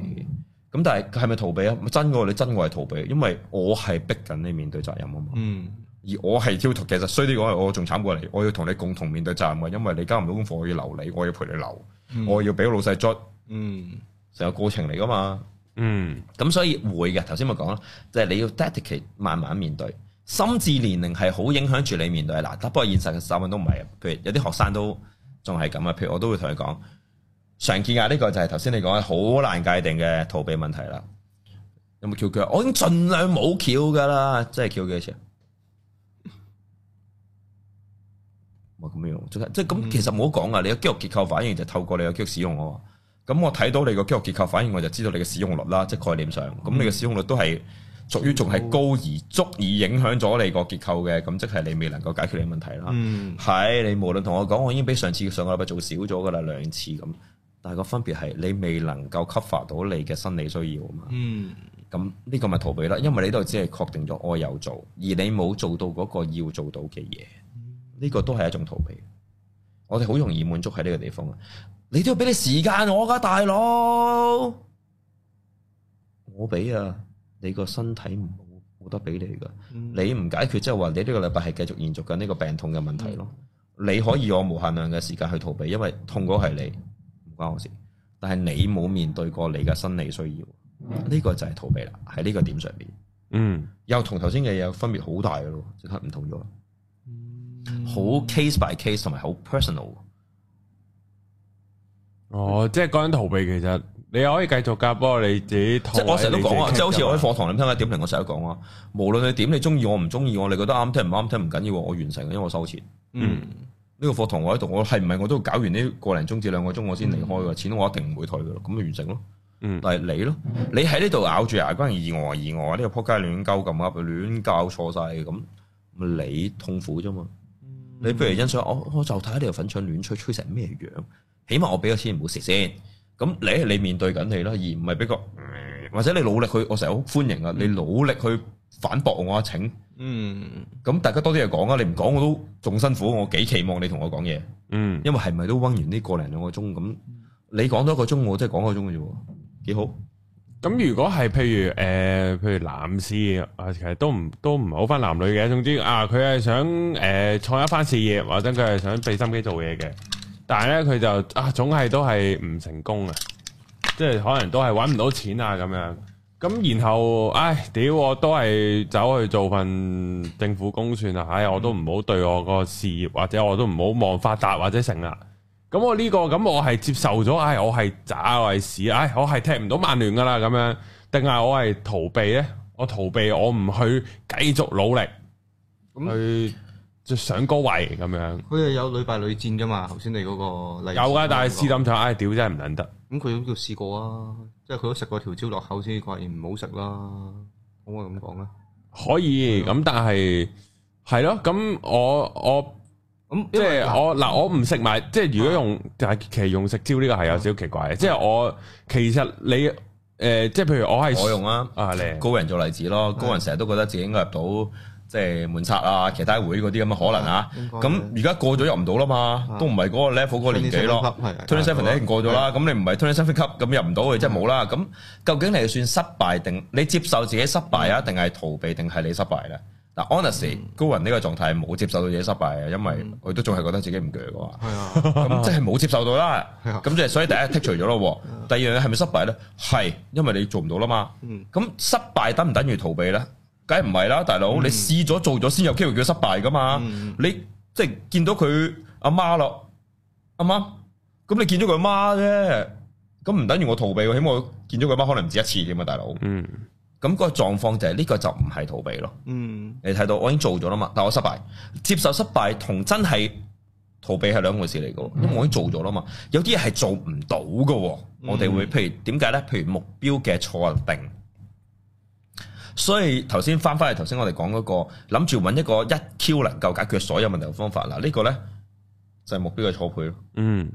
嗯、但係係咪逃避啊？真你真我係逃避，因為我係逼緊你面對責任啊嘛。嗯、而我係挑，其實衰啲講係我仲慘過你，我要同你共同面對責任嘅，因為你交唔到功課，我要留你，我要陪你留，嗯、我要俾老細捽，成、嗯、個過程嚟噶嘛。嗯，咁所以會嘅，頭先咪講咯，即係你要 dedicate 慢慢面對，心智年齡係好影響住你面對嗱，不過現實嘅手問都唔係，譬如有啲學生都仲係咁啊，譬如我都會同佢講，常見啊呢個就係頭先你講嘅好難界定嘅逃避問題啦，有冇翹腳？我已經盡量冇翹噶啦，即係翹幾多錢？冇咁樣，即係即係咁，嗯、 *laughs* 其實冇講啊，你嘅肌肉結構反應就透過你嘅肌肉使用我。咁我睇到你個肌肉結構，反而我就知道你嘅使用率啦，即概念上。咁、嗯、你嘅使用率都係屬於仲係高而足以影響咗你個結構嘅，咁即係你未能夠解決你嘅問題啦。係、嗯、你無論同我講，我已經比上次上個禮拜做少咗噶啦，兩次咁。但係個分別係你未能夠 cover 到你嘅生理需要啊嘛。咁呢、嗯、個咪逃避啦，因為你都係只係確定咗我有做，而你冇做到嗰個要做到嘅嘢。呢、這個都係一種逃避。我哋好容易滿足喺呢個地方啊。你都要俾你時間我噶，大佬。我俾啊，你個身體唔冇得俾你噶。你唔解決，即係話你呢個禮拜係繼續延續緊呢個病痛嘅問題咯。嗯、你可以用無限量嘅時間去逃避，因為痛嗰係你，唔關我事。但係你冇面對過你嘅生理需要，呢、嗯啊，這個就係逃避啦。喺呢個點上面，嗯，又同頭先嘅嘢分別好大咯，即刻唔同咗。好 case by case 同埋好 personal。哦，即係嗰樣逃避，其實你又可以繼續夾波，你自己。即係我成日都講啊，即係好似我喺課堂咁們聽下點評，1 1. 我成日都講啊。無論你點，你中意我唔中意我，你覺得啱聽唔啱聽唔緊要，我完成，因為我收錢。嗯，呢個課堂我喺度，我係唔係我都搞完呢個零鐘至兩個鐘，我先離開噶，錢我一定唔會退噶咯。咁咪完成咯。嗯、但係你咯，你喺呢度咬住牙關，嗰樣意外意外，呢個扑街亂教咁噏，亂教錯晒嘅，咁你痛苦啫嘛。你不如欣賞我，嗯嗯、我就睇下你個粉腸亂吹，吹成咩樣。起碼我俾個錢唔好蝕先，咁你你面對緊你啦，而唔係比較，或者你努力去，我成日好歡迎啊！你努力去反駁我啊！請，嗯，咁大家多啲嘢講啊！你唔講我都仲辛苦，我幾期望你同我講嘢，嗯，因為係咪都温完啲個零兩個鐘咁，你講多個鐘，我真係講個鐘嘅啫喎，幾好。咁如果係譬如誒，譬如男士啊，其實都唔都唔好分男女嘅，總之啊，佢係想誒創一番事業，或者佢係想俾心機做嘢嘅。但係咧，佢就啊，總係都係唔成功啊，即係可能都係揾唔到錢啊咁樣。咁然後，唉，屌，我都係走去做份政府工算啦。唉，我都唔好對我個事業，或者我都唔好望發達或者成啦。咁我呢個咁我係接受咗，唉，我係渣，我係屎，唉，我係踢唔到曼聯噶啦，咁樣，定係我係逃避呢？我逃避，我唔去繼續努力，去。嗯就上高位咁樣，佢係有屢敗屢戰噶嘛？頭先你嗰個例有噶，但係試諗下，哎，屌真係唔忍得。咁佢都叫試過啊，即係佢都食過條蕉落口先，固然唔好食啦。可唔可以咁講咧？可以，咁但係係咯。咁我我咁即係我嗱，我唔食埋。即係如果用，但係其實用食蕉呢個係有少奇怪嘅。即係我其實你誒，即係譬如我係我用啊，高人做例子咯。高人成日都覺得自己應該入到。即係門策啊，其他會嗰啲咁嘅可能啊，咁而家過咗入唔到啦嘛，都唔係嗰個 level 嗰個年紀咯。27已經過咗啦，咁你唔係27級咁入唔到即係冇啦。咁究竟你係算失敗定你接受自己失敗啊？定係逃避定係你失敗咧？嗱，Honestly，高云呢個狀態冇接受到自己失敗啊，因為我都仲係覺得自己唔鋸嘅話，咁即係冇接受到啦。咁即係所以第一剔除咗咯。第二樣係咪失敗咧？係，因為你做唔到啦嘛。咁失敗等唔等於逃避咧？梗係唔係啦，大佬，嗯、你試咗做咗先有機會叫佢失敗噶嘛？嗯、你即係見到佢阿媽咯，阿媽，咁你見咗佢阿媽啫，咁唔等於我逃避喎？起碼我見咗佢媽，可能唔止一次添嘛，大佬。嗯，咁嗰個狀況就係呢個就唔係逃避咯。嗯，你睇到我已經做咗啦嘛，但我失敗，接受失敗同真係逃避係兩回事嚟噶。嗯、因為我已經做咗啦嘛，有啲嘢係做唔到噶。我哋會譬如點解咧？譬如目標嘅錯定。所以頭先翻翻嚟，頭先我哋講嗰個諗住搵一個一 Q 能夠解決所有問題嘅方法嗱，個呢個咧就係、是、目標嘅錯配咯。嗯，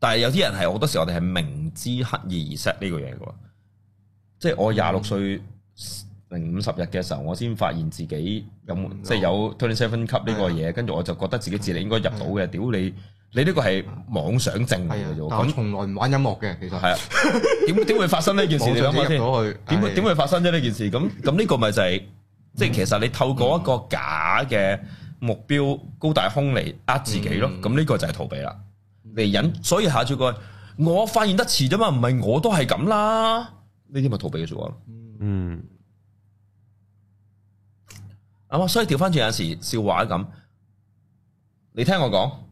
但係有啲人係好多時我哋係明知刻意而 set 呢個嘢嘅喎，即係我廿六歲零五十日嘅時候，我先發現自己有、有、嗯、即係有 twenty seven 級呢個嘢，嗯、跟住我就覺得自己智力應該入到嘅，屌你、嗯！嗯你呢個係妄想症嚟嘅啫，我從來唔玩音樂嘅，其實係啊，點點會發生呢件事咧？咁我先，點點會發生啫？呢件事咁咁呢個咪就係，即係其實你透過一個假嘅目標高大空嚟呃自己咯，咁呢、嗯、個就係逃避啦，嚟引、嗯，所以下一句，我發現得遲啫嘛，唔係我都係咁啦，呢啲咪逃避嘅說話咯，嗯，啊嘛、嗯，所以調翻轉有陣時笑話咁，你聽我講。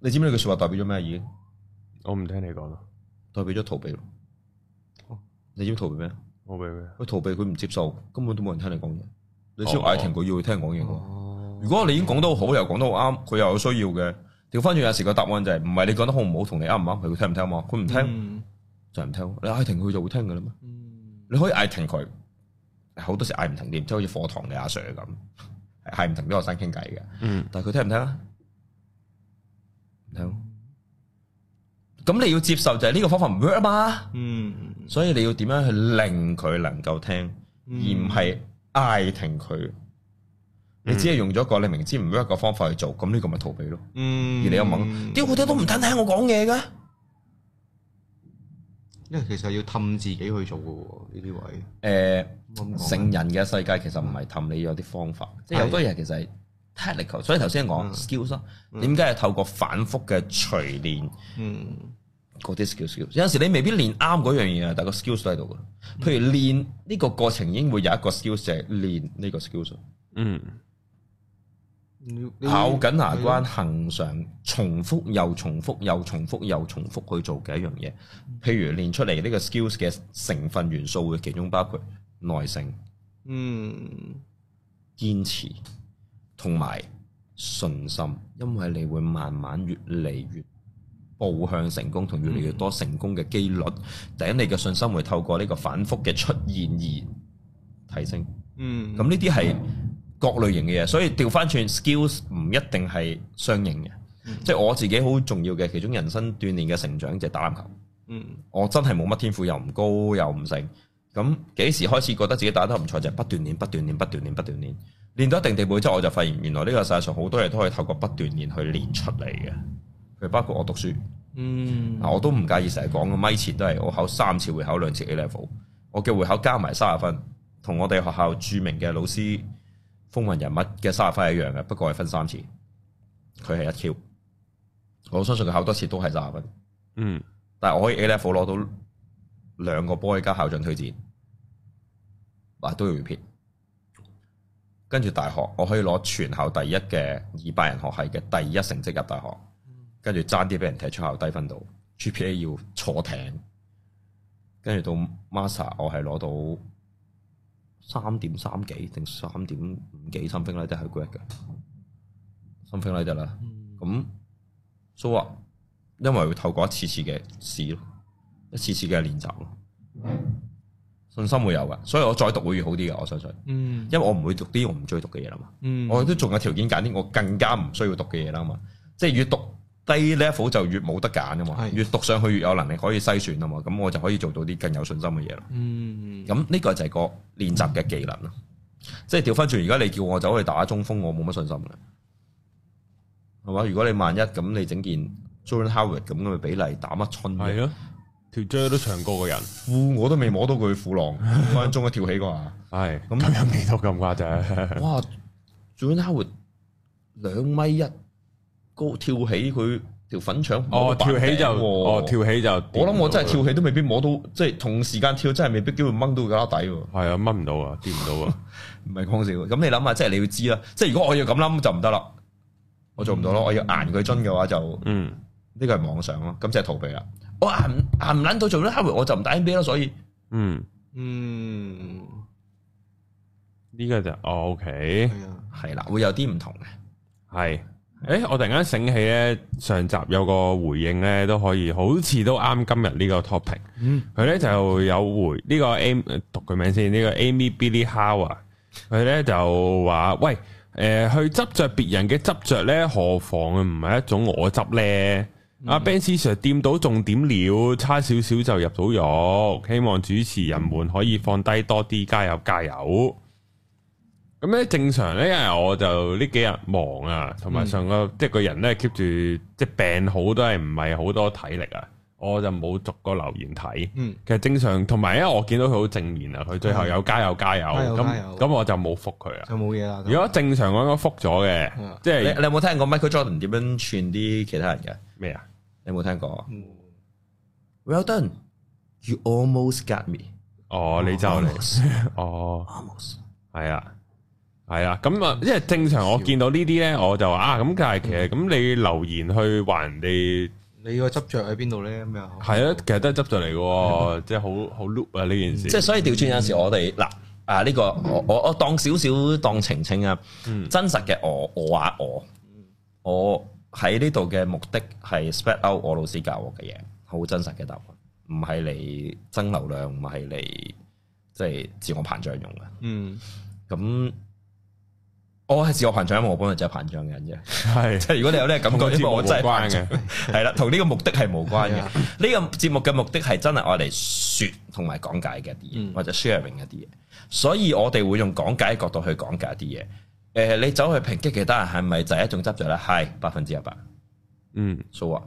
你知唔知你個說話代表咗咩意思？我唔聽你講咯，代表咗逃避咯。你知唔知逃避咩？我逃避咩？佢逃避佢唔接受，根本都冇人聽你講嘢。你需要嗌停佢，要聽講嘢。如果你已經講得好又講得好啱，佢又有需要嘅，調翻轉有時個答案就係唔係你講得好唔好，同你啱唔啱係佢聽唔聽嘛？佢唔聽就唔聽。你嗌停佢就會聽嘅啦咩？你可以嗌停佢，好多時嗌唔停即係好似課堂嘅阿 Sir 咁，嗌唔停俾學生傾偈嘅。但係佢聽唔聽啊？好，咁你要接受就係呢個方法唔 work 啊嘛，嗯，所以你要點樣去令佢能夠聽，而唔係嗌停佢，你只係用咗一個你明知唔 work 嘅方法去做，咁呢個咪逃避咯，嗯，而你又問，點解佢哋都唔聽聽我講嘢噶？因為其實係要氹自己去做嘅喎呢啲位，誒，成人嘅世界其實唔係氹你有啲方法，即係有好多嘢其實係。technical 所以頭先講 skills 咯，啊，點解係透過反覆嘅錘煉，嗰啲叫 skills。Skills, skills? 有陣時你未必練啱嗰樣嘢，嗯、但個 skills 都喺度噶。譬如練呢個過程，應會有一個 skills 就係練呢個 skills。嗯，咬緊牙關，恆常、嗯、重，重複又重複又重複又重複去做嘅一樣嘢。譬如練出嚟呢個 skills 嘅成分元素，會其中包括耐性，嗯，堅持。同埋信心，因為你會慢慢越嚟越步向成功，同越嚟越多成功嘅機率。令、嗯、你嘅信心會透過呢個反復嘅出現而提升。嗯，咁呢啲係各類型嘅嘢，所以調翻轉 skills 唔一定係相應嘅。即係、嗯、我自己好重要嘅其中人生鍛煉嘅成長就係打籃球。嗯，我真係冇乜天賦，又唔高又唔成。咁幾時開始覺得自己打得唔錯就係、是、不斷練、不斷練、不斷練、不斷練。練到一定地步之後，我就發現原來呢個世界上好多嘢都可以透過不斷練去練出嚟嘅。佢包括我讀書，嗯，啊，我都唔介意成日講，個咪切都係我考三次會考兩次 A level，我嘅會考加埋三十分，同我哋學校著名嘅老師風雲人物嘅三十分係一樣嘅，不過係分三次，佢係一 Q，我相信佢考多次都係三十分，嗯，但係我可以 A level 攞到兩個波加校長推薦，嗱，都要 repeat。跟住大學，我可以攞全校第一嘅二百人學系嘅第一成績入大學，跟住爭啲俾人踢出校低分度，GPA 要坐艇，跟住到 master 我係攞到三點三幾定三點五幾，something like that 即係 grade 嘅，something like that 得啦。咁 so 啊，因為會透過一次次嘅試咯，一次次嘅練習咯。信心會有㗎，所以我再讀會越好啲㗎，我相信。嗯，因為我唔會讀啲我唔鍾意讀嘅嘢啦嘛。嗯，我都仲有條件揀啲我更加唔需要讀嘅嘢啦嘛。即係越讀低 level 就越冇得揀啊嘛。的越讀上去越有能力可以篩選啊嘛。咁的我就可以做到啲更有信心嘅嘢啦。嗯，咁呢個就係個練習嘅技能咯。嗯、即係調翻轉，而家你叫我走去打中鋒，我冇乜信心嘅，係嘛？如果你萬一咁，你整件 John Howard 咁嘅比例打乜春嘅？的條 j 都長過個人，褲我都未摸到佢褲浪，分分鐘一跳起過啊，係咁有味道咁誇張。哇，John Howard 兩米一高跳起佢條粉腸，哦跳起就哦跳起就，我諗我真係跳起都未必摸到，即係同時間跳真係未必叫佢掹到佢個底。係啊，掹唔到啊，掂唔到啊，唔係講笑。咁你諗下，即係你要知啦，即係如果我要咁諗就唔得啦，我做唔到咯。我要硬佢樽嘅話就嗯，呢個係妄想咯，咁即係逃避啦。我硬硬唔捻到做呢，我就唔打 NBA 咯，所以嗯嗯，呢個就 OK 係啊，係啦，會有啲唔同嘅係，誒，我突然間醒起咧，上集有個回應咧，都可以，好似都啱今日呢個 topic。嗯，佢咧就有回呢個 Amy 讀佢名先，呢個 Amy Billy Howard，佢咧就話：喂，誒，去執着別人嘅執着咧，何妨唔係一種我執咧？阿 Benz Sir 掂到重點了，差少少就入到肉，希望主持人們可以放低多啲，加油加油！咁咧正常咧，因為我就呢幾日忙啊，同埋上個、嗯、即係個人咧 keep 住即係病好都係唔係好多體力啊，我就冇逐個留言睇。嗯、其實正常，同埋因為我見到佢好正面啊，佢最後有加油加油，咁咁我就冇覆佢啊。就冇嘢啦。如果正常我應該覆咗嘅，嗯、即係是你你有冇聽過 Michael Jordan 點樣串啲其他人嘅咩啊？有冇聽過？Well done, you almost got me。哦，你就嚟哦，almost 係啊，係啊，咁啊，因為正常我見到呢啲咧，我就啊咁，梗係其實咁你留言去話人哋，你個執着喺邊度咧？咁樣係啊，其實都係執着嚟嘅，即係好好 look 啊呢件事。即係所以調轉有陣時我哋嗱啊呢個我我我當少少當澄清啊，真實嘅我我啊我我。喺呢度嘅目的係 spread out 我老師教我嘅嘢，好真實嘅答案，唔係嚟增流量，唔係嚟即係自我膨脹用嘅。嗯，咁我係自我膨脹，因為我本身就係膨脹嘅人啫。係是即係如果你有呢個感覺，因為我真係膨脹嘅。係啦，同呢 *laughs* 個目的係冇關嘅。呢的個節目嘅目的係真係我嚟說同埋講解嘅一啲嘢，嗯、或者 sharing 一啲嘢，所以我哋會用講解嘅角度去講解一啲嘢。誒，你走去抨擊其他人係咪就係一種執着咧？係百分之一百，嗯，數啊。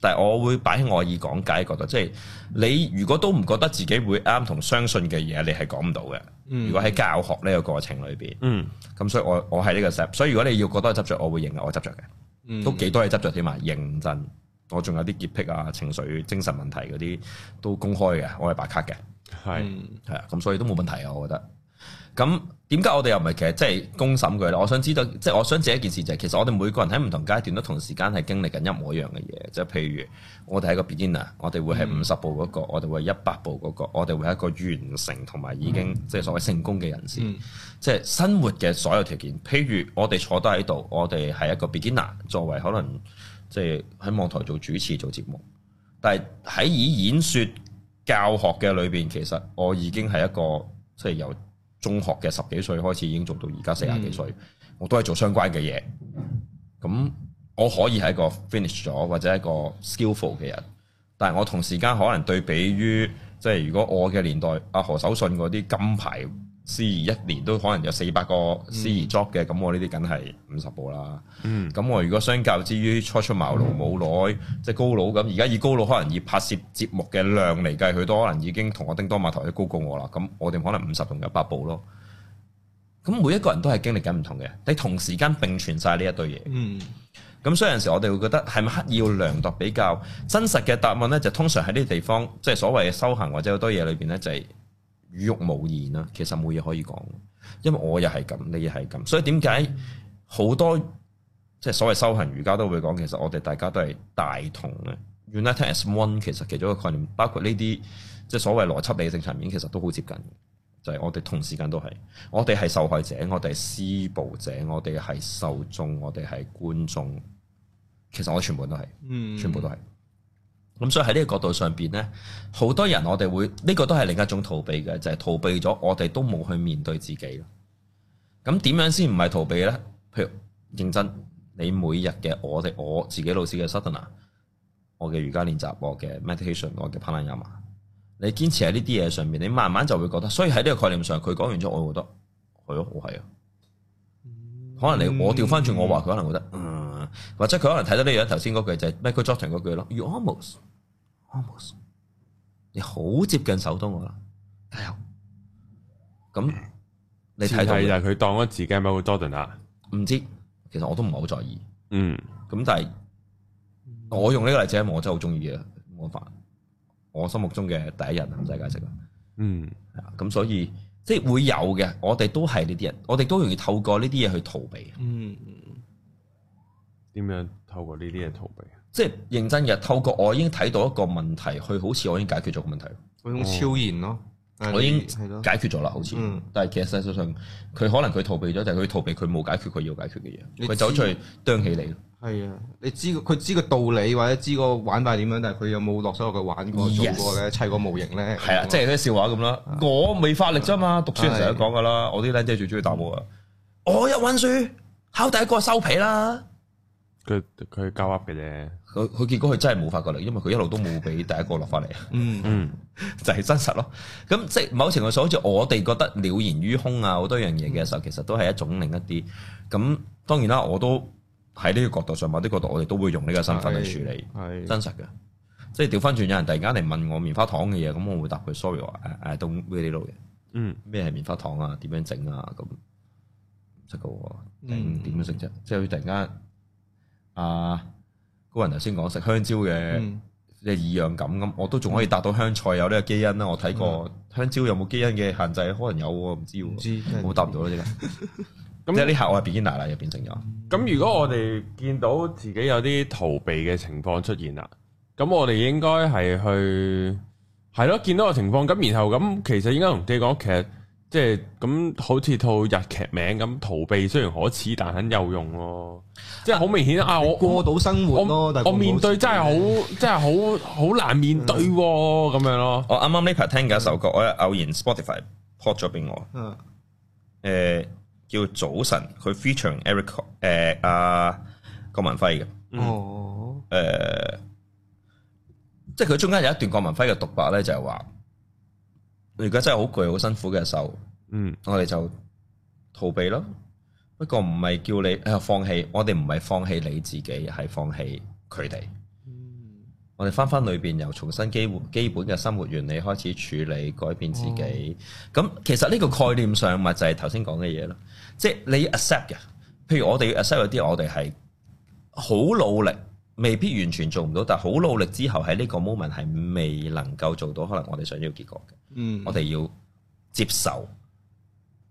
但係我會擺喺我以講解度，覺得即係你如果都唔覺得自己會啱同相信嘅嘢，你係講唔到嘅。嗯、如果喺教學呢個過程裏邊，咁、嗯、所以我我喺呢個 Step 所以如果你要覺得係執着，我會認我執着嘅，嗯、都幾多嘢執着添嘛。認真，我仲有啲潔癖啊、情緒、精神問題嗰啲都公開嘅，我係白卡嘅，係係啊，咁的的、嗯、所以都冇問題啊，我覺得。咁點解我哋又唔係？其實即係公審佢咧。我想知道，即係我想講一件事、就係，就係其實我哋每個人喺唔同階段都同時間係經歷緊一模一樣嘅嘢。即係譬如我哋喺個 beginner，我哋會係五十步嗰、嗰個嗯嗰個，我哋會係一百步嗰個，我哋會係一個完成同埋已經即係所謂成功嘅人士。嗯、即係生活嘅所有條件，譬如我哋坐得喺度，我哋係一個 beginner，作為可能即係喺網台做主持做節目，但係喺以演說教學嘅裏邊，其實我已經係一個即係由。中學嘅十幾歲開始已經做到而家四十幾歲，嗯、我都係做相關嘅嘢。咁我可以係一個 finish 咗或者一個 skillful 嘅人，但係我同時間可能對比於即係如果我嘅年代阿何守信嗰啲金牌。司儀一年都可能有四百個司儀 job 嘅，咁、嗯、我呢啲梗係五十部啦。咁、嗯、我如果相較之於初出茅廬冇耐，即係、嗯就是、高佬咁，而家以高佬可能以拍攝節目嘅量嚟計，佢都可能已經同我叮噹馬頭去高過我啦。咁我哋可能五十同一百部咯。咁每一個人都係經歷緊唔同嘅，你同時間並存晒呢一堆嘢。咁、嗯、所以有陣時我哋會覺得係咪刻意要量度比較真實嘅答案呢？就通常喺呢啲地方，即、就、係、是、所謂嘅修行或者好多嘢裏邊呢，就係、是。欲無言啦，其實冇嘢可以講，因為我又係咁，你亦係咁，所以點解好多即係所謂修行瑜伽都會講，其實我哋大家都係大同嘅，United as one，其實其中一個概念，包括呢啲即係所謂邏輯理性層面，其實都好接近嘅，就係我哋同時間都係，我哋係受害者，我哋係施暴者，我哋係受眾，我哋係觀眾，其實我全部都係，嗯、全部都係。咁所以喺呢個角度上邊咧，好多人我哋會呢、呢個都係另一種逃避嘅，就係、是、逃避咗，我哋都冇去面對自己。咁點樣先唔係逃避咧？譬如認真，你每日嘅我哋我自己老師嘅 sadhana 我嘅瑜伽練習，我嘅 meditation，我嘅 pranayama，你堅持喺呢啲嘢上面，你慢慢就會覺得。所以喺呢個概念上，佢講完之後，我覺得係咯、哎，我係啊。可能你我調翻轉，我話佢可能覺得、嗯或者佢可能睇到呢樣頭先嗰句就係 Michael Jordan 嗰句咯，almost，almost，你好接近首都我啦，加、哎、油！咁你睇到就係佢當咗自己咪好 Jordan 啊？唔知，其實我都唔係好在意。嗯，咁但係我用呢個例子因為，我真係好中意嘅方法，我心目中嘅第一人，唔使解釋啦。嗯，係咁所以即係會有嘅，我哋都係呢啲人，我哋都容易透過呢啲嘢去逃避。嗯。點樣透過呢啲嘢逃避？即係認真嘅，透過我已經睇到一個問題，佢好似我已經解決咗個問題。嗰種超然咯，我已經解決咗啦，好似。嗯。但係其實實際上佢可能佢逃避咗，但係佢逃避佢冇解決佢要解決嘅嘢，佢走出去，啄起嚟。係啊，你知佢知個道理或者知個玩法點樣，但係佢有冇落手去玩過、做過咧、砌個模型咧？係啊，即係啲笑話咁啦。我未發力啫嘛，讀書人成日講噶啦。我啲靚仔最中意打波啊。我一溫書考第一個收皮啦。佢佢交屈嘅啫，佢佢結果佢真係冇發過嚟，因為佢一路都冇俾第一個落翻嚟。嗯 *laughs* *laughs* 嗯， *laughs* 就係真實咯。咁即係某程度上，好似我哋覺得了然於胸啊，好多樣嘢嘅時候，其實都係一種另一啲。咁當然啦，我都喺呢個角度上，某啲角度我哋都會用呢個身份去處理，係真實嘅。即係調翻轉，有人突然間嚟問我棉花糖嘅嘢，咁我會答佢。Sorry，誒誒、really，東咩嚟路嘅？嗯，咩係棉花糖啊？點樣整啊？咁唔識噶，點、嗯、樣識啫、啊？嗯、 *laughs* 即係佢突然間。啊，高人頭先講食香蕉嘅即係異樣感咁，嗯、我都仲可以達到香菜有呢個基因啦。我睇過香蕉有冇基因嘅限制，可能有喎，唔知喎，冇答唔到啦，而家咁即係呢下我係變態啦，入變成咗。咁、嗯、如果我哋見到自己有啲逃避嘅情況出現啦，咁我哋應該係去係咯，見到個情況咁，然後咁其實應該同你講，其實。即係咁，好似套日劇名咁，逃避雖然可恥，但很有用咯、啊。即係好明顯啊，啊！我過到生活咯，但我，我面對真係好， *laughs* 真係好好難面對咁、嗯、樣咯。我啱啱呢排聽嘅一首歌，我偶然 Spotify pop 咗俾我。嗯。誒，叫早晨，佢 feature Eric，誒啊郭文輝嘅。哦。誒，即係佢中間有一段郭文輝嘅獨白咧，就係話：你而家真係好攰，好辛苦嘅一首。嗯，我哋就逃避咯。不過唔係叫你誒放棄，我哋唔係放棄你自己，係放棄佢哋。嗯，我哋翻翻裏邊，由重新基基本嘅生活原理開始處理，改變自己。咁、哦、其實呢個概念上咪就係頭先講嘅嘢咯。即係你 accept 嘅，譬如我哋 accept 有啲我哋係好努力，未必完全做唔到，但係好努力之後喺呢個 moment 係未能夠做到，可能我哋想要結果嘅。嗯，我哋要接受。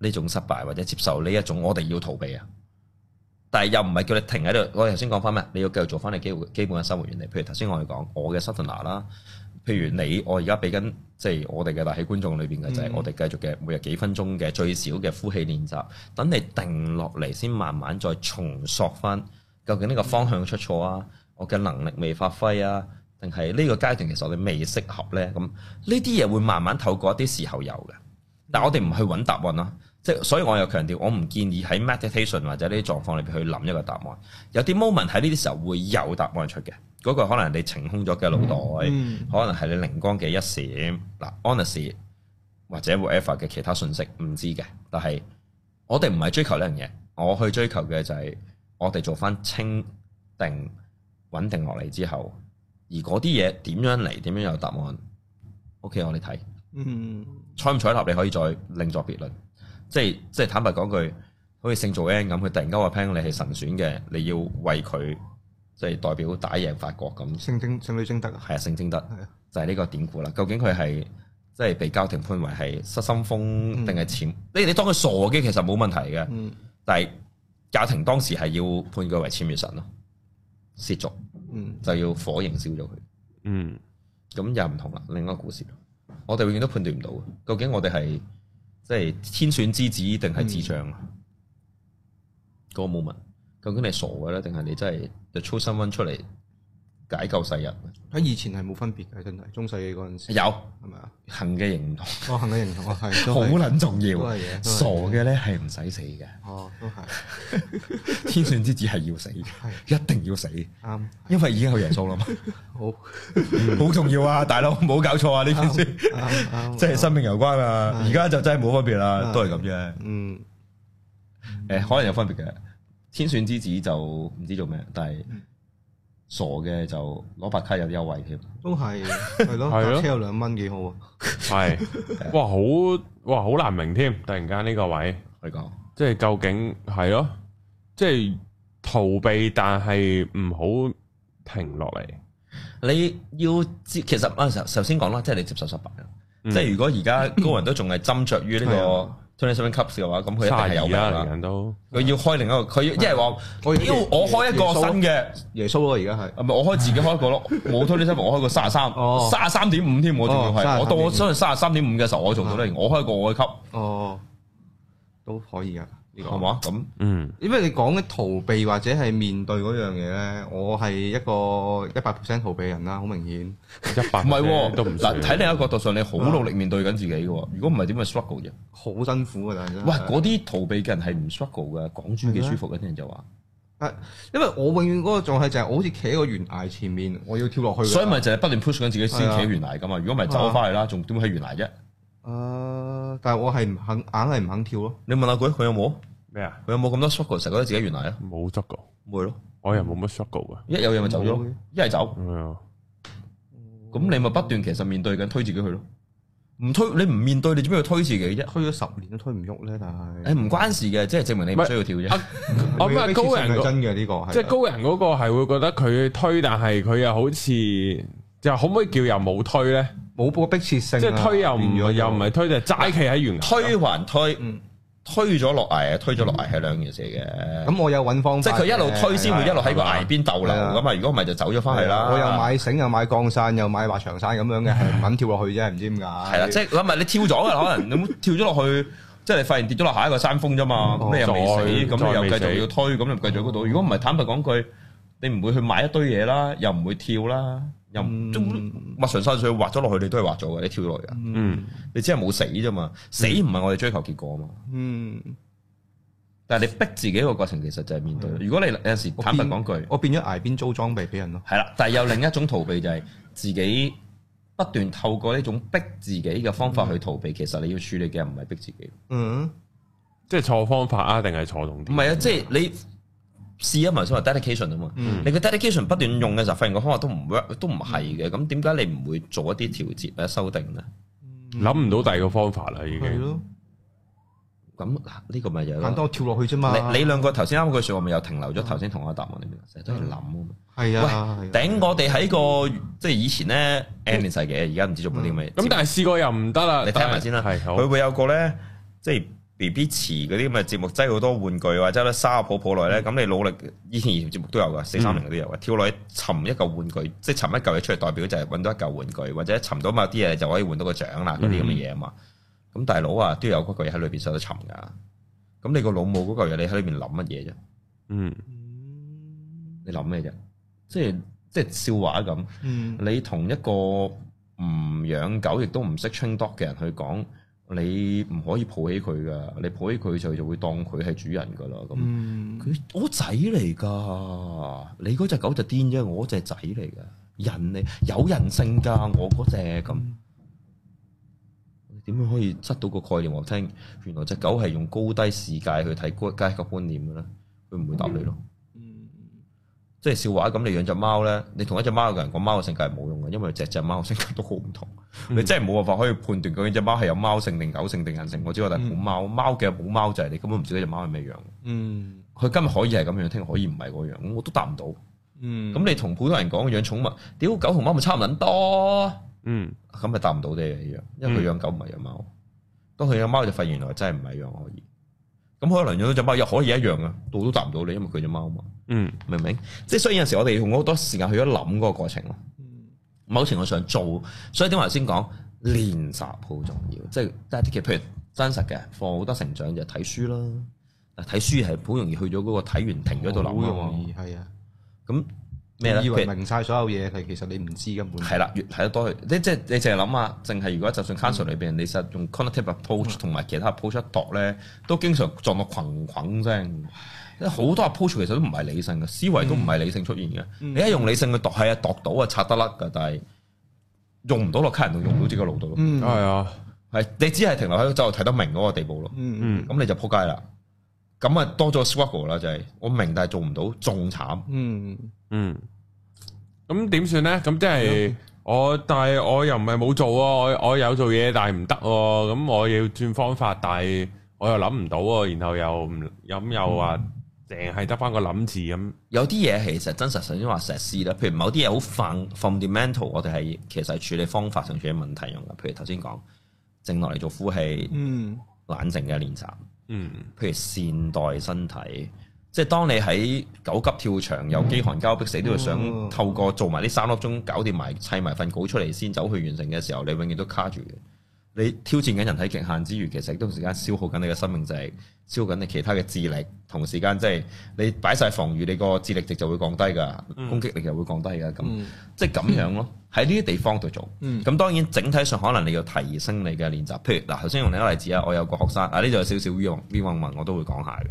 呢種失敗或者接受呢一種，我哋要逃避啊！但係又唔係叫你停喺度。我哋頭先講翻咩？你要繼續做翻你基本基本嘅生活原理。譬如頭先我哋講我嘅 s t 舒適拿啦，譬如你我而家俾緊即係我哋嘅、就是、大氣觀眾裏邊嘅就係我哋繼續嘅、嗯、每日幾分鐘嘅最少嘅呼氣練習。等你定落嚟先，慢慢再重塑翻究竟呢個方向出錯啊，嗯、我嘅能力未發揮啊，定係呢個階段其實我哋未適合呢？咁呢啲嘢會慢慢透過一啲時候有嘅，但我哋唔去揾答案咯。即所以我又強調，我唔建議喺 meditation 或者呢啲狀況裏邊去諗一個答案。有啲 moment 喺呢啲時候會有答案出嘅，嗰個可能你晴空咗嘅腦袋，可能係你靈光嘅一閃，嗱 honest 或者 whatever 嘅其他信息唔知嘅。但係我哋唔係追求呢樣嘢，我去追求嘅就係我哋做翻清定穩定落嚟之後，而嗰啲嘢點樣嚟？點樣有答案？OK，我哋睇，嗯，採唔採納你可以再另作別論。即係坦白講句，好似聖佐恩咁，佢突然間話 plan 你係神選嘅，你要為佢即係代表打贏法國咁。聖貞聖女貞德啊，係啊，聖貞德，德的就係呢個典故啦。究竟佢係即係被教廷判為係失心瘋定係潛？你你當佢傻嘅，其實冇問題嘅。嗯、但係教廷當時係要判佢為僭越神咯，涉足、嗯、就要火刑燒咗佢。嗯，咁又唔同啦，另一個故事。我哋永遠都判斷唔到究竟我哋係。即係天選之子定係智障啊？嗰、嗯、個 moment 究竟你傻嘅咧，定係你真係就抽 someone 出嚟？解救世人喺以前係冇分別嘅，真係中世紀嗰陣時有係咪啊？行嘅認同，我行嘅認同係好撚重要。傻嘅咧係唔使死嘅，哦都係天選之子係要死嘅，一定要死啱，因為已經有耶穌啦嘛。好，好重要啊，大佬冇搞錯啊呢件事，即係生命有關啊。而家就真係冇分別啦，都係咁啫。嗯，誒可能有分別嘅天選之子就唔知做咩，但係。傻嘅就攞白卡有優惠添，都係係咯，搭 *laughs* 的車有兩蚊幾好啊！係 *laughs* 哇，好哇，好難明添，突然間呢個位，你講的，即係究竟係咯，即係、就是、逃避，但係唔好停落嚟。你要接，其實阿成首先講啦，即、就、係、是、你接受失敗啦。嗯、即係如果而家高人都仲係斟酌於呢、這個。 *laughs* 27級嘅話，咁佢一定係有嘅啦。人都佢要開另一個，佢一係話我要開一個新嘅耶穌咯。而家係咪我開自己開個咯？我27，我開過三十三，三十三點五添。我仲要係我到我開三十三點五嘅時候，我仲到得，我開過我嘅級，都可以㗎。係咁？嗯，因為你講嘅逃避或者係面對嗰樣嘢咧，我係一個一百 percent 逃避人啦，好明顯，一百唔係喎，都唔得。喺另一個角度上，你好努力面對緊自己嘅。如果唔係點會 struggle 啫？好辛苦啊！但係，喂，嗰啲逃避嘅人係唔 struggle 嘅，講出幾舒服嘅啲人就話，誒，因為我永遠嗰個狀態就係我好似企喺個懸崖前面，我要跳落去，所以咪就係不斷 push 緊自己先企喺懸崖噶嘛。如果唔係走翻嚟啦，仲點會喺懸崖啫？誒，uh, 但係我係唔肯，硬係唔肯跳咯。你問下佢，佢有冇咩啊？佢麼有冇咁多 struggle？成日覺得自己原嚟啊，冇 struggle？會咯。我又冇乜 struggle 嘅，一有人咪走咗，一係了走。咁、嗯、你咪不斷其實面對緊，推自己去咯。唔推，你唔面對，你做咩要推自己？一推咗十年都推唔喐咧，但係誒唔關事嘅，即係證明你唔需要跳啫。啊、 *laughs* 我唔係高人是是真嘅呢、這個，即係 *laughs* 高人嗰、那個係、就是、會覺得佢推，但係佢又好似。又可唔可以叫又冇推咧？冇個迫切性，即係推又唔又唔係推，就齋企喺原地，推還推，推咗落崖，推咗落嚟係兩件事嘅。咁我有揾方法，即係佢一路推先會一路喺個崖邊逗留。咁啊，如果唔係就走咗翻去啦。我又買繩，又買降傘，又買滑翔傘咁樣嘅，係唔肯跳落去啫，唔知點解。係啦，即係諗下你跳咗嘅，可能你跳咗落去，即係你發現跌咗落下一個山峰啫嘛。咁你又未死，咁你又繼續要推，咁你繼續喺嗰度。如果唔係，坦白講句，你唔會去買一堆嘢啦，又唔會跳啦。嗯、又中墨船山水滑咗落去，你都係滑咗嘅，你跳落去啊！嗯，你只係冇死啫嘛，死唔係我哋追求結果啊嘛。嗯，但係你逼自己個過程，其實就係面對。如果你有陣時變坦白講句，我變咗挨邊租裝備俾人咯。係啦，但係有另一種逃避就係自己不斷透過呢種逼自己嘅方法去逃避，其實你要處理嘅唔係逼自己。嗯，即係錯方法啊，定係錯重點？唔係啊，即係、啊就是、你。試啊嘛，先話 dedication 啊嘛。你個 dedication 不斷用嘅時候，發現個方法都唔 work，都唔係嘅。咁點解你唔會做一啲調節咧、修訂咧？諗唔到第二個方法啦，已經。咁呢個咪有？簡單，跳落去啫嘛。你你兩個頭先啱個時我咪又停留咗頭先同一答案嚟嘅，成日都係諗啊嘛。係啊。喂，頂！我哋喺個即係以前咧，analysis 嘅，而家唔知做冇啲咩。嘅。咁但係試過又唔得啦。你聽埋先啦，佢會有個咧，即係。B B 池嗰啲咁嘅節目，擠好多玩具，或者咧沙堡鋪落咧，咁、嗯、你努力以前節目都有嘅，四三零嗰啲有嘅，跳落去尋一嚿玩具，即係尋一嚿嘢出嚟，代表就係揾到一嚿玩具，或者尋到某啲嘢就可以換到個獎啦，嗰啲咁嘅嘢啊嘛。咁大佬啊，都有嗰句嘢喺裏邊收得尋㗎。咁你個老母嗰句嘢，你喺裏邊諗乜嘢啫？嗯，你諗咩啫？即係即係笑話咁。嗯、你同一個唔養狗亦都唔識 train dog 嘅人去講。你唔可以抱起佢噶，你抱起佢就就會當佢係主人噶啦咁。佢、嗯、我仔嚟噶，你嗰隻狗就癲啫，我隻仔嚟噶，人嚟有人性噶，我嗰隻咁。點樣可以執到個概念我聽？原來隻狗係用高低視界去睇高一階個觀念噶啦，佢唔會答你咯。即係笑話，咁你養隻貓咧，你同一隻貓嘅人講貓嘅性格係冇用嘅，因為隻隻貓嘅性格都好唔同。嗯、你真係冇辦法可以判斷究竟隻貓係有貓性定狗性定人性。我只係話冇貓，嗯、貓嘅冇貓就係你根本唔知呢隻貓係咩樣。嗯，佢今日可以係咁樣，聽日可以唔係嗰樣，咁我都答唔到。嗯，咁你同普通人講養寵物，屌狗同貓咪差唔撚多。嗯，咁咪答唔到你一樣，因為佢養狗唔係養貓。當佢養貓就發現原來真係唔係樣可以。咁可能養咗隻貓又可以一樣啊，到都答唔到你，因為佢隻貓嘛。嗯，明唔明？即係所以有陣時，我哋用好多時間去咗諗嗰個過程咯。嗯，某程度上做，所以點解頭先講練習好重要。即係第一啲嘅，譬如真實嘅課好多成長就係睇書啦。啊，睇書係好容易去咗嗰個睇完停咗度諗啊。好容易係啊。咁。咩咧？以為明晒所有嘢，係其實你唔知根本知。係啦， *noise* 嗯、越睇得多，你即係你淨係諗下，淨係如果就算 counsel 裏邊，你實用 cognitive approach 同埋其他 approach 一度咧，都經常撞到羣羣聲。即係好多 approach 其實都唔係理性嘅，思維都唔係理性出現嘅。嗯、你一用理性去度，係啊度到啊拆得甩嘅，但係用唔到落 client 度，用唔到自己腦度咯。嗯，係啊，係你只係停留喺就睇得明嗰個地步咯。嗯嗯，咁、嗯、你就撲街啦。咁啊多咗 squabble 啦，就係、是、我明，但係做唔到，仲慘。嗯嗯。咁點算咧？咁即係我，但係我又唔係冇做喎，我我有做嘢，但係唔得喎。咁我要轉方法，但係我又諗唔到喎。然後又唔咁又話，淨係得翻個諗字咁。嗯、有啲嘢其實真實，首先話石屎啦，譬如某啲嘢好 fundamental，我哋係其實係處理方法上處理問題用嘅。譬如頭先講，靜落嚟做呼氣，嗯，冷靜嘅練習。嗯，譬如善待身體，即係當你喺狗急跳牆又饑寒交迫死、嗯、都要想透過做埋呢三粒鐘搞掂埋砌埋份稿出嚟先走去完成嘅時候，你永遠都卡住嘅。你挑戰緊人體極限之餘，其實亦都同時間消耗緊你嘅生命值，消耗緊你其他嘅智力，同時間即係你擺晒防禦，你個智力值就會降低噶，攻擊力又會降低噶，咁即係咁樣咯。喺呢啲地方度做，咁、嗯、當然整體上可能你要提升你嘅練習。譬如嗱，頭先用另一個例子啊，我有個學生，啊呢度有少少 V 王 V 王文，我都會講下嘅，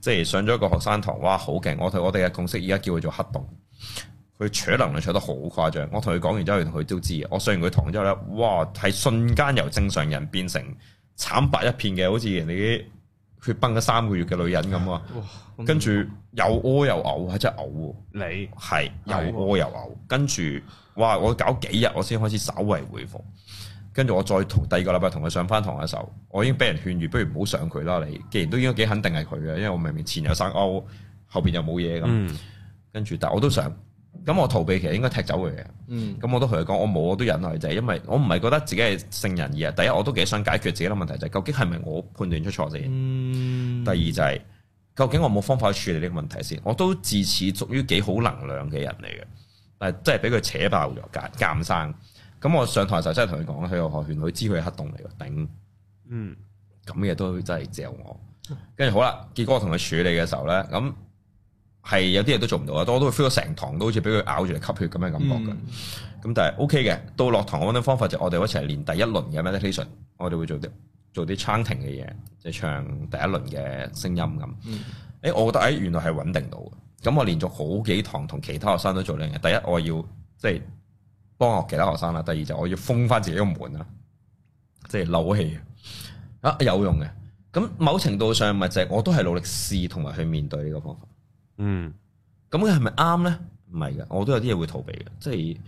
即係上咗一個學生堂，哇好勁！我同我哋嘅共識，而家叫佢做黑洞。佢扯能量扯得好誇張，我同佢講完之後，佢都知。我上完佢堂之後咧，哇，係瞬間由正常人變成慘白一片嘅，好似人哋啲血崩咗三個月嘅女人咁啊！哦、跟住又屙又嘔，係真係嘔。你係又屙又嘔，嗯、跟住哇！我搞幾日，我先開始稍為回復。跟住我再同第二個禮拜同佢上翻堂嘅時候，我已經俾人勸喻，不如唔好上佢啦。你既然都應該幾肯定係佢嘅，因為我明明前有生溝，後邊又冇嘢咁。嗯、跟住，但我都想。咁我逃避其實應該踢走佢嘅，咁、嗯、我都同佢講，我冇我都忍耐，就係因為我唔係覺得自己係聖人意啊。第一，我都幾想解決自己嘅問題，就係、是、究竟係咪我判斷出錯先？嗯、第二就係、是、究竟我冇方法去處理呢個問題先。我都自此屬於幾好能量嘅人嚟嘅，但係真係俾佢扯爆咗，夾硬生。咁我上台時候真係同佢講，佢我學拳女知佢係黑洞嚟嘅。頂。嗯，咁嘅都真係只有我。跟住好啦，結果我同佢處理嘅時候咧，咁。係有啲嘢都做唔到啊！都我都 feel 到成堂都好似俾佢咬住嚟吸血咁嘅感覺嘅。咁、嗯、但係 OK 嘅。到落堂我嗰啲方法就我哋一齊練第一輪嘅 meditation，我哋會做啲做啲 chanting 嘅嘢，即、就、係、是、唱第一輪嘅聲音咁。哎、嗯欸，我覺得哎原來係穩定到嘅。咁我連續好幾堂同其他學生都做呢嘢。第一我要即係、就是、幫學其他學生啦。第二就我要封翻自己個門啦，即係漏氣啊有用嘅。咁某程度上咪就係我都係努力試同埋去面對呢個方法。嗯，咁佢係咪啱咧？唔係嘅，我都有啲嘢會逃避嘅，即係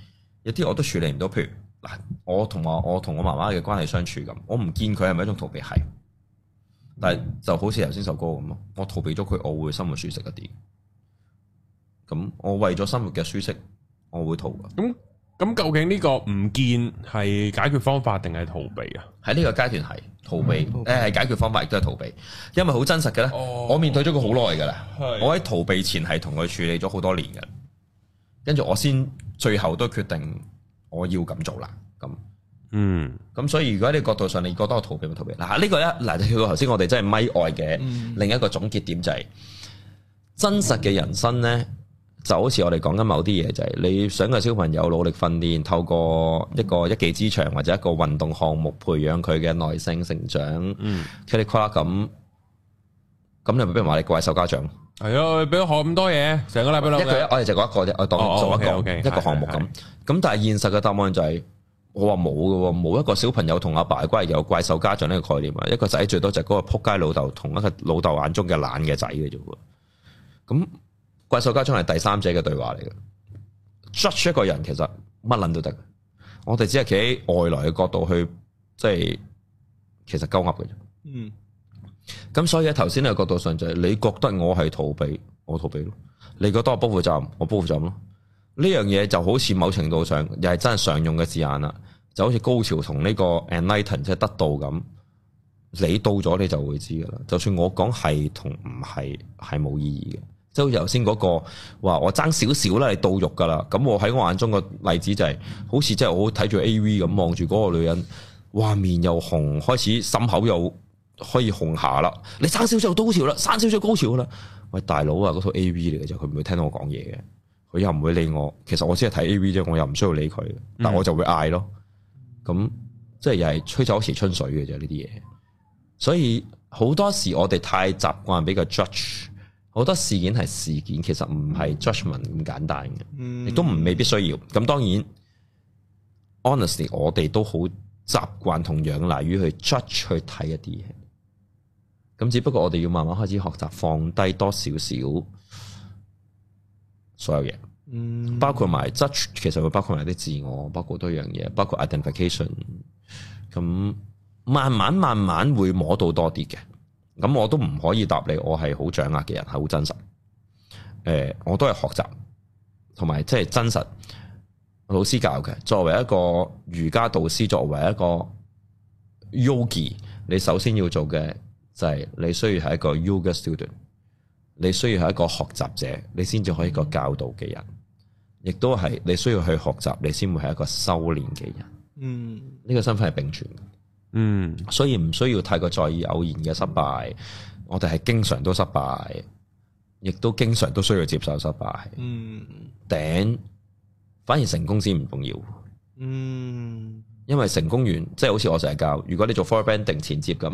有啲我都處理唔到。譬如嗱，我同我我同我媽媽嘅關係相處咁，我唔見佢係咪一種逃避？係，但係就好似頭先首歌咁咯，我逃避咗佢，我會生活舒適一啲。咁我為咗生活嘅舒適，我會逃。嗯咁究竟呢個唔見係解決方法定係逃避啊？喺呢個階段係逃避。誒係、嗯欸、解決方法亦都係逃避，因為好真實噶啦。哦、我面對咗佢好耐噶啦，的我喺逃避前係同佢處理咗好多年噶，跟住我先最後都決定我要咁做啦。咁，嗯，咁所以如果呢個角度上你覺得我逃避咪逃避嗱，呢、啊這個咧嗱去到頭先我哋真係咪愛嘅另一個總結點就係真實嘅人生咧。嗯嗯就好似我哋講緊某啲嘢就係，你想個小朋友努力訓練，透過一個一技之長或者一個運動項目培養佢嘅耐性成長，嗯，佢哋誇啦咁，咁你咪俾人話你怪獸家長？係啊，俾佢學咁多嘢，成個禮拜兩日。我哋就講一個啫，我當做一個一個項目咁。咁但係現實嘅答案就係，我話冇噶，冇一個小朋友同阿爸關係有怪獸家長呢個概念啊。一個仔最多就係嗰個仆街老豆同一個老豆眼中嘅懶嘅仔嘅啫喎。咁怪獸家長係第三者嘅對話嚟嘅，judge 一個人其實乜撚都得，我哋只係企喺外來嘅角度去，即係其實鳩噏嘅啫。嗯，咁所以喺頭先呢個角度上就係、是，你覺得我係逃避，我逃避咯；你覺得我不負責任，我不負責任咯。呢樣嘢就好似某程度上又係真係常用嘅字眼啦，就好似高潮同呢個 enlighten 即係得到咁，你到咗你就會知噶啦。就算我講係同唔係，係冇意義嘅。.即係頭先嗰個話，我爭少少啦，你到肉噶啦。咁我喺我眼中個例子就係、是，好似真係我睇住 A.V. 咁望住嗰個女人，哇，面又紅，開始心口又可以紅下啦。你爭少少到高潮啦，爭少少高潮噶啦。喂，大佬啊，嗰套 A.V. 嚟嘅啫，佢唔會聽到我講嘢嘅，佢又唔會理我。其實我只係睇 A.V. 啫，我又唔需要理佢。但我就會嗌咯。咁即係又係吹走一池春水嘅啫呢啲嘢。所以好多時我哋太習慣比較 judge。我覺得事件係事件，其實唔係 judgement 咁簡單嘅，亦都唔未必需要。咁當然、嗯、honestly 我哋都好習慣同仰賴於去 judge 去睇一啲嘢。咁只不過我哋要慢慢開始學習放低多少少所有嘢，嗯、包括埋 judge，其實會包括埋啲自我，包括多樣嘢，包括 identification。咁慢慢慢慢會摸到多啲嘅。咁我都唔可以答你，我係好掌握嘅人，係好真實。誒、呃，我都係學習，同埋即係真實老師教嘅。作為一個瑜伽導師，作為一個 yogi，你首先要做嘅就係你需要係一個 yoga student，你需要係一個學習者，你先至可以一個教導嘅人，亦都係你需要去學習，你先會係一個修煉嘅人。嗯，呢個身份係並存。嗯，所以唔需要太過在意偶然嘅失敗，我哋係經常都失敗，亦都經常都需要接受失敗。嗯，頂，反而成功先唔重要。嗯，因為成功完，即係好似我成日教，如果你做 forward bending 定前接咁，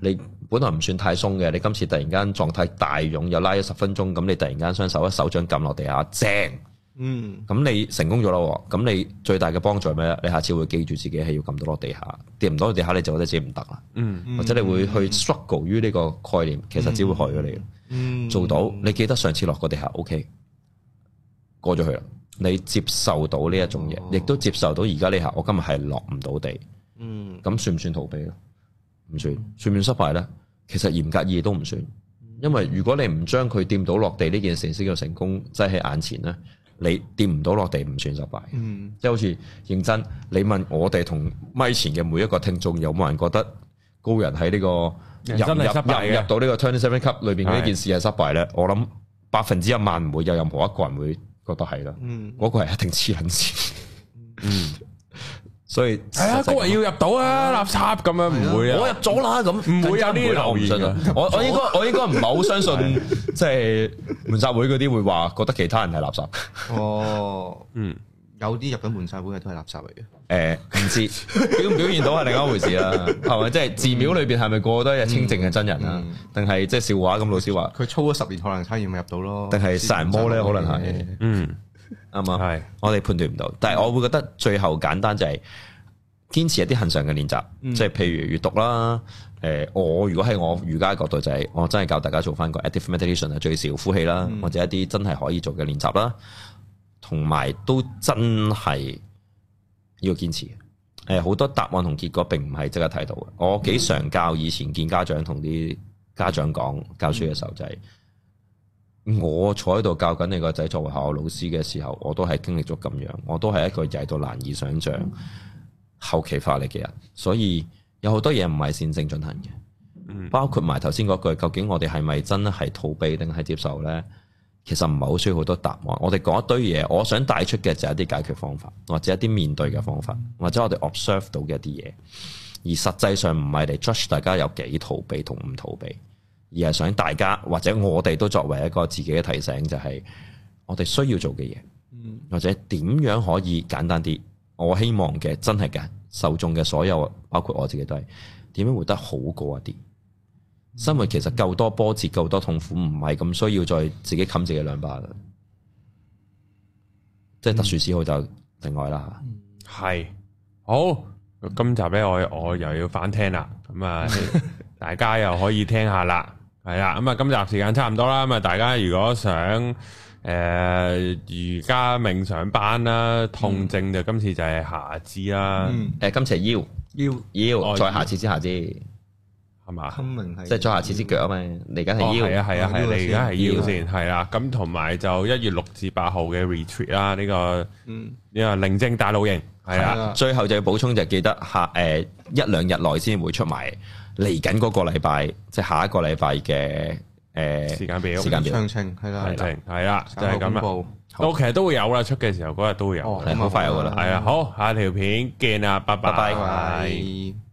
你本來唔算太鬆嘅，你今次突然間狀態大勇，又拉咗十分鐘，咁你突然間雙手一手掌撳落地下，正。嗯，咁你成功咗咯。咁你最大嘅幫助係咩咧？你下次會記住自己係要撳到落地下，掂唔到落地下，你就覺得自己唔得啦。嗯，或者你會去 struggle 於呢個概念，嗯、其實只會害咗你。嗯嗯、做到你記得上次落個地下，O、OK, K，過咗去啦。你接受到呢一種嘢，亦、哦、都接受到而家呢下我今日係落唔到地。嗯，咁算唔算逃避咧？唔算，算唔算失敗咧？其實嚴格意義都唔算，因為如果你唔將佢掂到落地呢件成事叫成功擠喺眼前咧。你掂唔到落地唔算失敗，嗯、即係好似認真。你問我哋同咪前嘅每一個聽眾，有冇人覺得高人喺呢個入入到呢個 twenty seven 級裏邊呢件事係失敗咧？的我諗百分之一萬唔會有任何一個人會覺得係啦。嗰、嗯、個係一定黐撚線。嗯 *laughs* 所以係啊，高人要入到啊，垃圾咁樣唔會啊，我入咗啦咁，唔會有啲流言。我我應該我應該唔係好相信，即係門薩會嗰啲會話覺得其他人係垃圾。哦，嗯，有啲入緊門薩會嘅都係垃圾嚟嘅。誒，唔知表唔表現到係另一回事啦，係咪？即係寺廟裏邊係咪過得日清淨嘅真人啊？定係即係笑話咁？老師話佢操咗十年可能差咪入到咯，定係殺人魔咧？可能係嗯。啱嘛？係，是我哋判斷唔到，但係我會覺得最後簡單就係堅持一啲恒常嘅練習，即係、嗯、譬如閱讀啦。誒、呃，我如果喺我瑜伽角度就係、是，我真係教大家做翻個 active meditation 最少呼氣啦，嗯、或者一啲真係可以做嘅練習啦，同埋都真係要堅持。誒、呃，好多答案同結果並唔係即刻睇到嘅。我幾常教以前見家長同啲家長講教書嘅時候、嗯、就係、是。我坐喺度教緊你個仔作為學校老師嘅時候，我都係經歷咗咁樣，我都係一個曳到難以想象後期化力嘅人，所以有好多嘢唔係線性進行嘅，包括埋頭先嗰句，究竟我哋係咪真係逃避定係接受呢？其實唔係好需要好多答案，我哋講一堆嘢，我想帶出嘅就係一啲解決方法，或者一啲面對嘅方法，或者我哋 observe 到嘅一啲嘢，而實際上唔係嚟 judge 大家有幾逃避同唔逃避。逃而係想大家或者我哋都作為一個自己嘅提醒，就係、是、我哋需要做嘅嘢，或者點樣可以簡單啲。我希望嘅真係嘅受眾嘅所有，包括我自己都係點樣活得好過一啲。生活其實夠多波折，夠多痛苦，唔係咁需要再自己冚自己兩巴巴。即係特殊時候就另外啦。係、嗯、好，今集咧我我又要返聽啦，咁啊大家又可以聽下啦。 *laughs* 係啦，咁啊，今集時間差唔多啦。咁啊，大家如果想誒瑜伽冥想班啦，痛症就今次就係下肢啦。誒今次係腰腰腰，再下次之下肢，係咪啊？即係再下次之腳啊？嘛，你而家係腰，係啊係啊係，你而家係腰先，係啦。咁同埋就一月六至八號嘅 retreat 啦，呢個呢個寧靜大露營係啊，最後就要補充就記得下誒一兩日內先會出埋。嚟緊嗰個禮拜，即係下一個禮拜嘅誒、呃、時間表，時間表詳情係啦，係啦，就係咁啦。都的好其實都會有啦，出嘅時候嗰日都會有，好、哦、快有噶啦，係啊，好，下條片見啦！拜拜。拜拜拜拜。